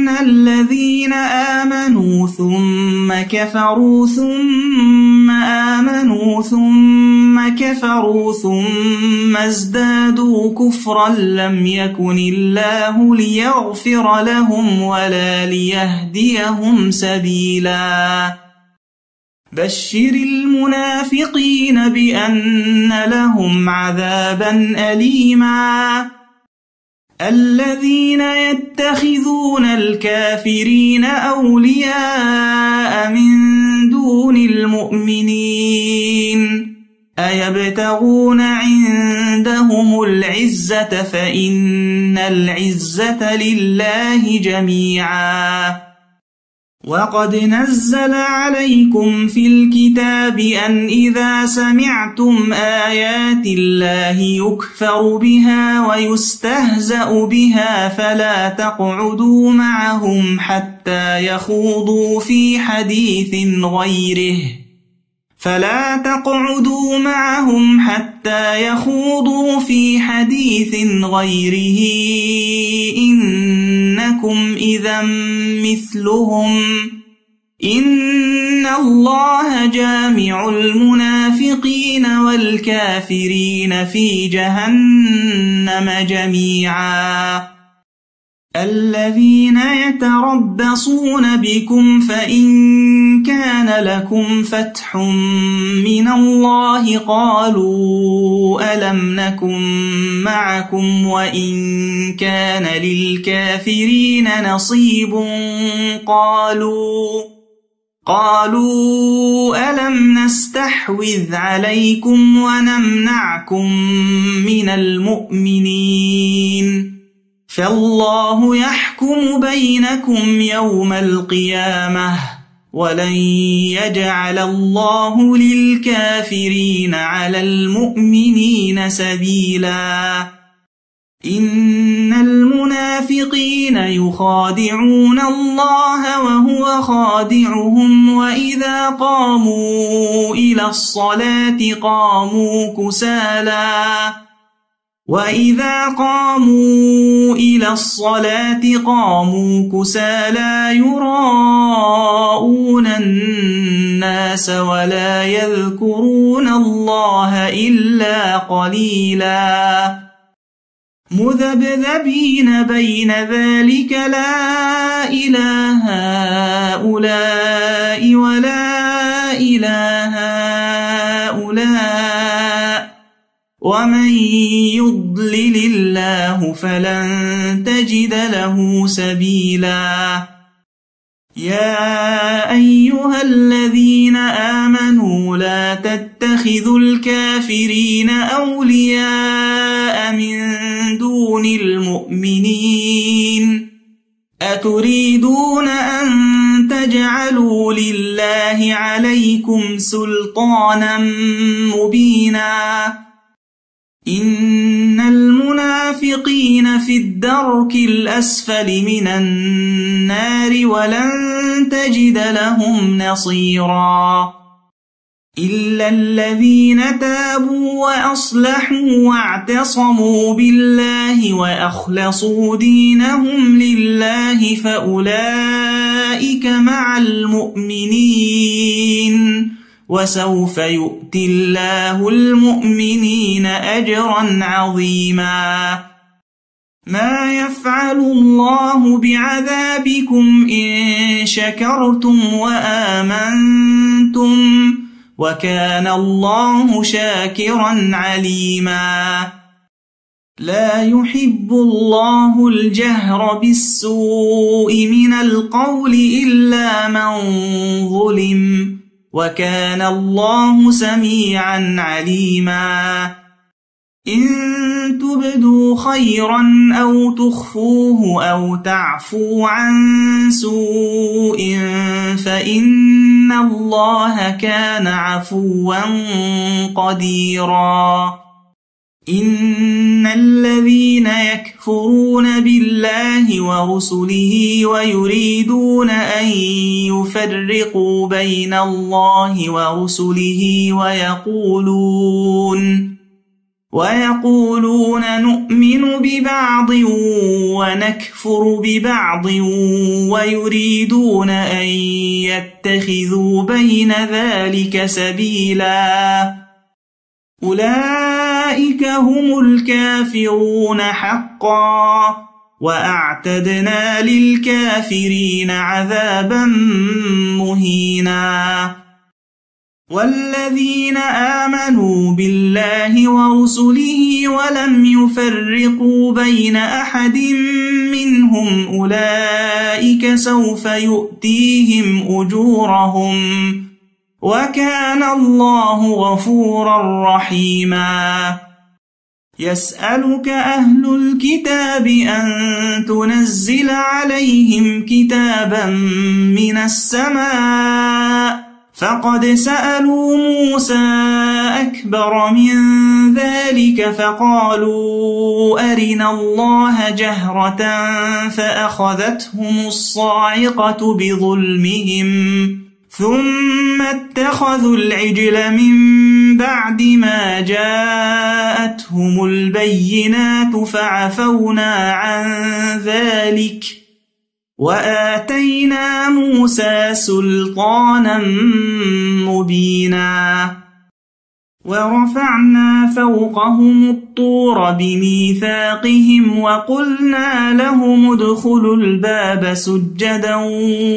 إِنَّ الذين آمنوا ثم كفروا ثم آمنوا ثم كفروا ثم ازدادوا كفرا لم يكن الله ليغفر لهم ولا ليهديهم سبيلاً بشر المنافقين بأن لهم عذابا أليماً الذين يتخذون الكافرين أولياء من دون المؤمنين أيبتغون عندهم العزة فإن العزة لله جميعاً وقد نزل عليكم في الكتاب أن إذا سمعتم آيات الله يكفر بها ويستهزأ بها فلا تقعدوا معهم حتى يخوضوا في حديث غيره فلا تقعدوا معهم حتى يخوضوا في حديث غيره إن إنكم إذا مثلهم إن الله جامع المنافقين والكافرين في جهنم جميعاً الذين يتربصون بكم فإن كان لكم فتح من الله قالوا ألم نكن معكم وإن كان للكافرين نصيب قالوا قالوا ألم نستحوذ عليكم ونمنعكم من المؤمنين فالله يحكم بينكم يوم القيامة ولن يجعل الله للكافرين على المؤمنين سبيلا إن المنافقين يخادعون الله وهو خادعهم وإذا قاموا إلى الصلاة قاموا كسالاً وَإِذَا قَامُوا إِلَى الصَّلَاةِ قَامُوا كُسَى لَا يُرَاءُونَ النَّاسَ وَلَا يَذْكُرُونَ اللَّهَ إِلَّا قَلِيلًا مذبذبين بين ذلك لا إله هؤلاء ولا إله هؤلاء ومن يضلل الله فلن تجد له سبيلا يا أيها الذين آمنوا لا تتخذوا الكافرين أولياء من دون المؤمنين أتريدون أن تجعلوا لله عليكم سلطانا مبيناً إن المنافقين في الدرك الأسفل من النار ولن تجد لهم نصيرا إلا الذين تابوا وأصلحوا واعتصموا بالله وأخلصوا دينهم لله فأولئك مع المؤمنين وسوف يؤت الله المؤمنين أجرا عظيما ما يفعل الله بعذابكم إن شكرتم وآمنتم وكان الله شاكرا عليما لا يحب الله الجهر بالسوء من القول إلا من ظلم وكان الله سميعا عليما إن تبدوا خيرا أو تخفوه أو تعفو عن سوء فإن الله كان عفوا قديراً إن الذين يكفرون بالله ورسله ويريدون أن يفرقوا بين الله ورسله ويقولون ويقولون نؤمن ببعض ونكفر ببعض ويريدون أن يتخذوا بين ذلك سبيلا أولئك هم الكافرون حقا وأعتدنا للكافرين عذابا مهينا والذين آمنوا بالله ورسله ولم يفرقوا بين أحد منهم أولئك سوف يؤتيهم أجورهم وكان الله غفورا رحيماً يسألك أهل الكتاب أن تنزل عليهم كتابا من السماء فقد سألوا موسى أكبر من ذلك فقالوا أرنا الله جهرة فأخذتهم الصاعقة بظلمهم ثم اتخذوا العجل من بعد ما جاءتهم البينات فعفونا عن ذلك وآتينا موسى سلطانا مبيناً ورفعنا فوقهم الطور بميثاقهم وقلنا لهم ادخلوا الباب سجدا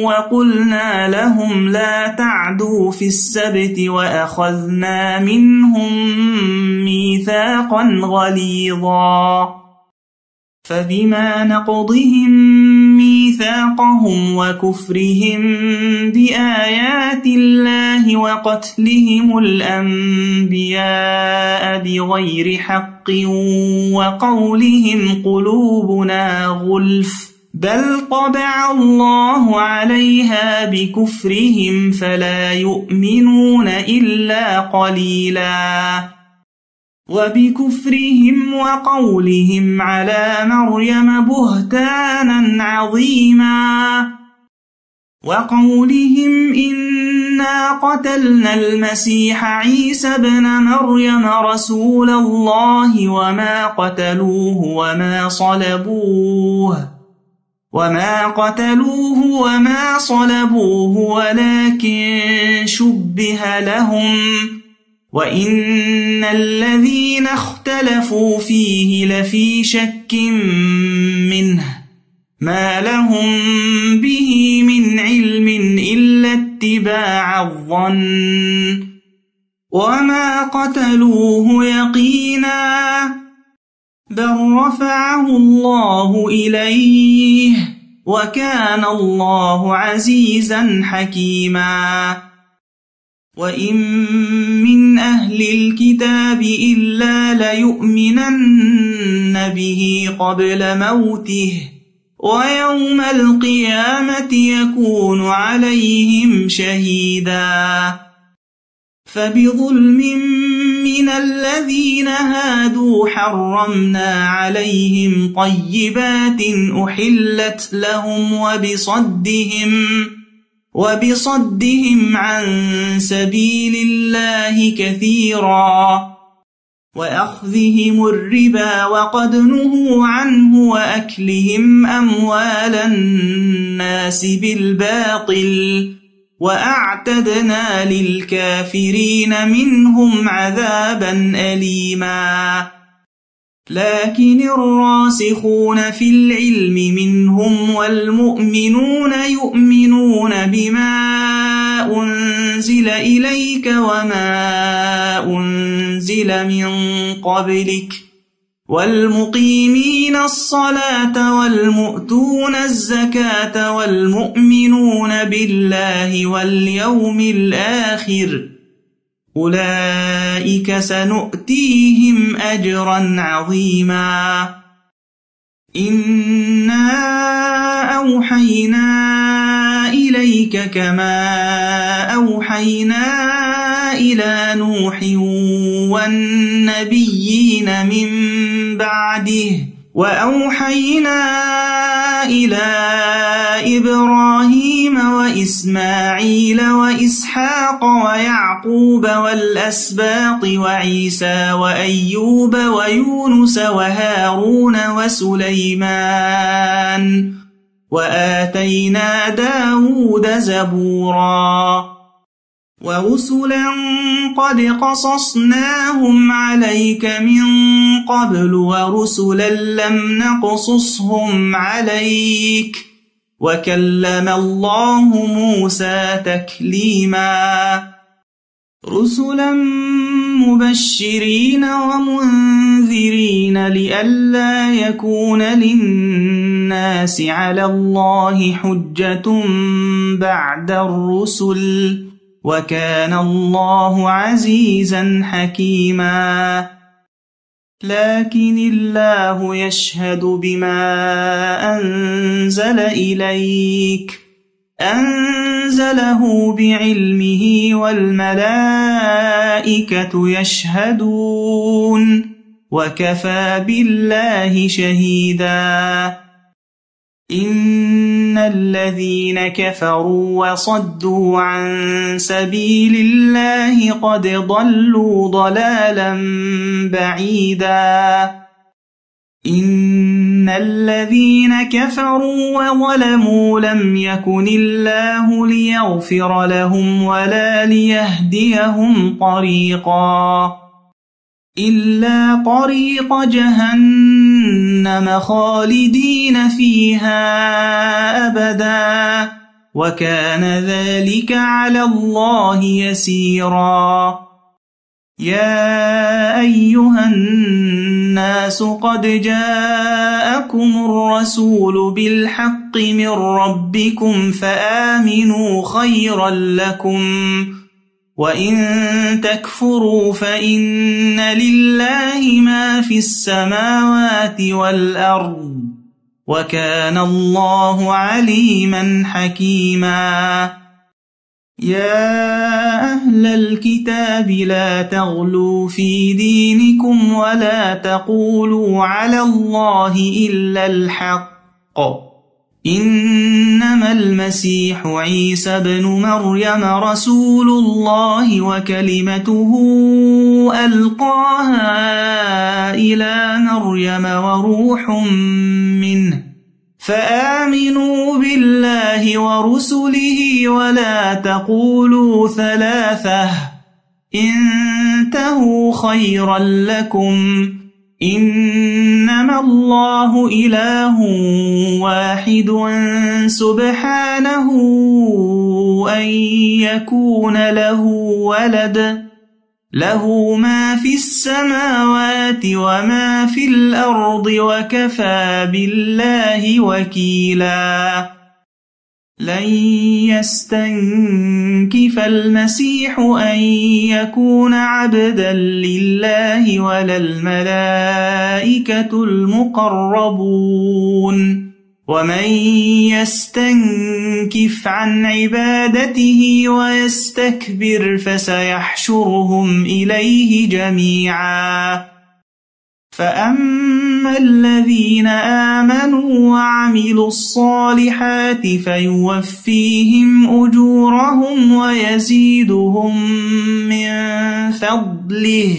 وقلنا لهم لا تعدوا في السبت وأخذنا منهم ميثاقا غليظا فبما نقضهم ميثاقهم وكفرهم بآيات الله وقتلهم الأنبياء بغير حق وقولهم قلوبنا غلف بل طبع الله عليها بكفرهم فلا يؤمنون إلا قليلاً وبكفرهم وقولهم على مريم بهتانا عظيما وقولهم إنا قتلنا المسيح عيسى بن مريم رسول الله وما قتلوه وما صلبوه وما قتلوه وما صلبوه ولكن شبه لهم وإن الذين اختلفوا فيه لفي شك منه ما لهم به من علم إلا اتباع الظن وما قتلوه يقينا بل رفعه الله إليه وكان الله عزيزا حكيماً وإن من أهل الكتاب إلا ليؤمنن به قبل موته ويوم القيامة يكون عليهم شهيدا فبظلم من الذين هادوا حرمنا عليهم طيبات أحلت لهم وبصدهم وبصدهم عن سبيل الله كثيرا وأخذهم الربا وقد نهوا عنه وأكلهم أموال الناس بالباطل وأعتدنا للكافرين منهم عذابا أليماً لكن الراسخون في العلم منهم والمؤمنون يؤمنون بما أنزل إليك وما أنزل من قبلك والمقيمين الصلاة والمؤتون الزكاة والمؤمنون بالله واليوم الآخر أولئك سنؤتيهم أجرا عظيما إنا أوحينا إليك كما أوحينا إلى نوح والنبيين من بعده وأوحينا إلى إبراهيم وإسماعيل وإسحاق ويعقوب والأسباط وعيسى وأيوب ويونس وهارون وسليمان وآتينا داود زبورا ورسلا قد قصصناهم عليك من قبل ورسلا لم نقصصهم عليك ۖ وكلم الله موسى تكليما رسلا مبشرين ومنذرين لئلا يكون للناس على الله حجة بعد الرسل وكان الله عزيزا حكيما لكن الله يشهد بما أنزل إليك أنزله بعلمه والملائكة يشهدون وكفى بالله شهيدا إن الذين كفروا وصدوا عن سبيل الله قد ضلوا ضلالا بعيدا إن الذين كفروا وظلموا لم يكن الله ليغفر لهم ولا ليهديهم طريقا إلا طريق جهنم جهنم خالدين فيها أبدا وكان ذلك على الله يسيرا يا أيها الناس قد جاءكم الرسول بالحق من ربكم فآمنوا خيرا لكم وإن تكفروا فإن لله ما في السماوات والأرض وكان الله عليما حكيما يا أهل الكتاب لا تغلوا في دينكم ولا تقولوا على الله إلا الحق إنما المسيح عيسى بن مريم رسول الله وكلمته ألقاها إلى مريم وروح منه فآمنوا بالله ورسله ولا تقولوا ثلاثة انتهوا خيرا لكم إنما الله إله واحد سبحانه أن يكون له ولد له ما في السماوات وما في الأرض وكفى بالله وكيلاً لن يستنكف المسيح أن يكون عبدا لله ولا الملائكة المقربون ومن يستنكف عن عبادته ويستكبر فسيحشرهم إليه جميعاً فأما الذين آمنوا وعملوا الصالحات فيوفيهم أجورهم ويزيدهم من فضله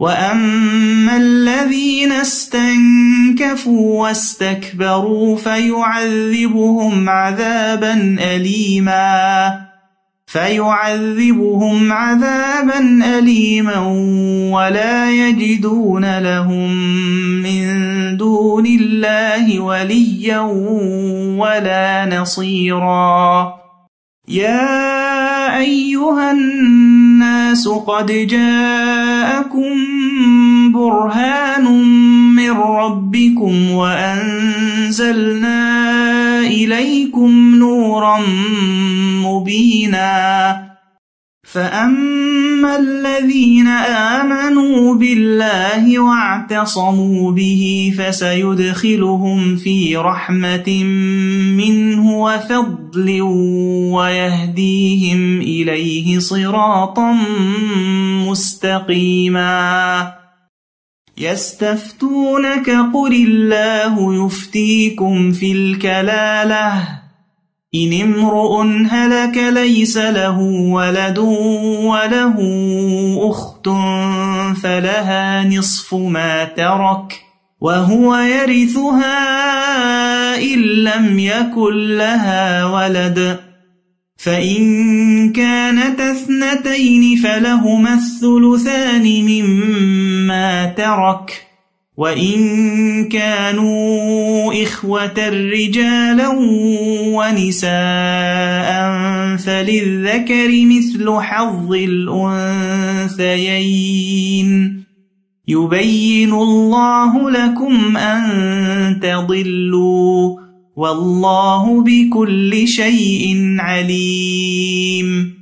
وأما الذين استنكفوا واستكبروا فيعذبهم عذابا أليماً فيعذبهم عذابا أليما ولا يجدون لهم من دون الله وليا ولا نصيرا يا أيها الناس قد جاءكم برهان من ربكم وأنزلنا إليكم نورا مبينا فأما الذين آمنوا بالله واعتصموا به فسيدخلهم في رحمة منه وفضل ويهديهم إليه صراطا مستقيماً يستفتونك قل الله يفتيكم في الكلاله إن امرؤ هلك ليس له ولد وله أخت فلها نصف ما ترك وهو يرثها إن لم يكن لها ولد فإن كانت اثنتين فلهما الثلثان مما ترك وإن كانوا إخوة رجالا ونساء فللذكر مثل حظ الأنثيين يبين الله لكم أن تضلوا والله بكل شيء عليم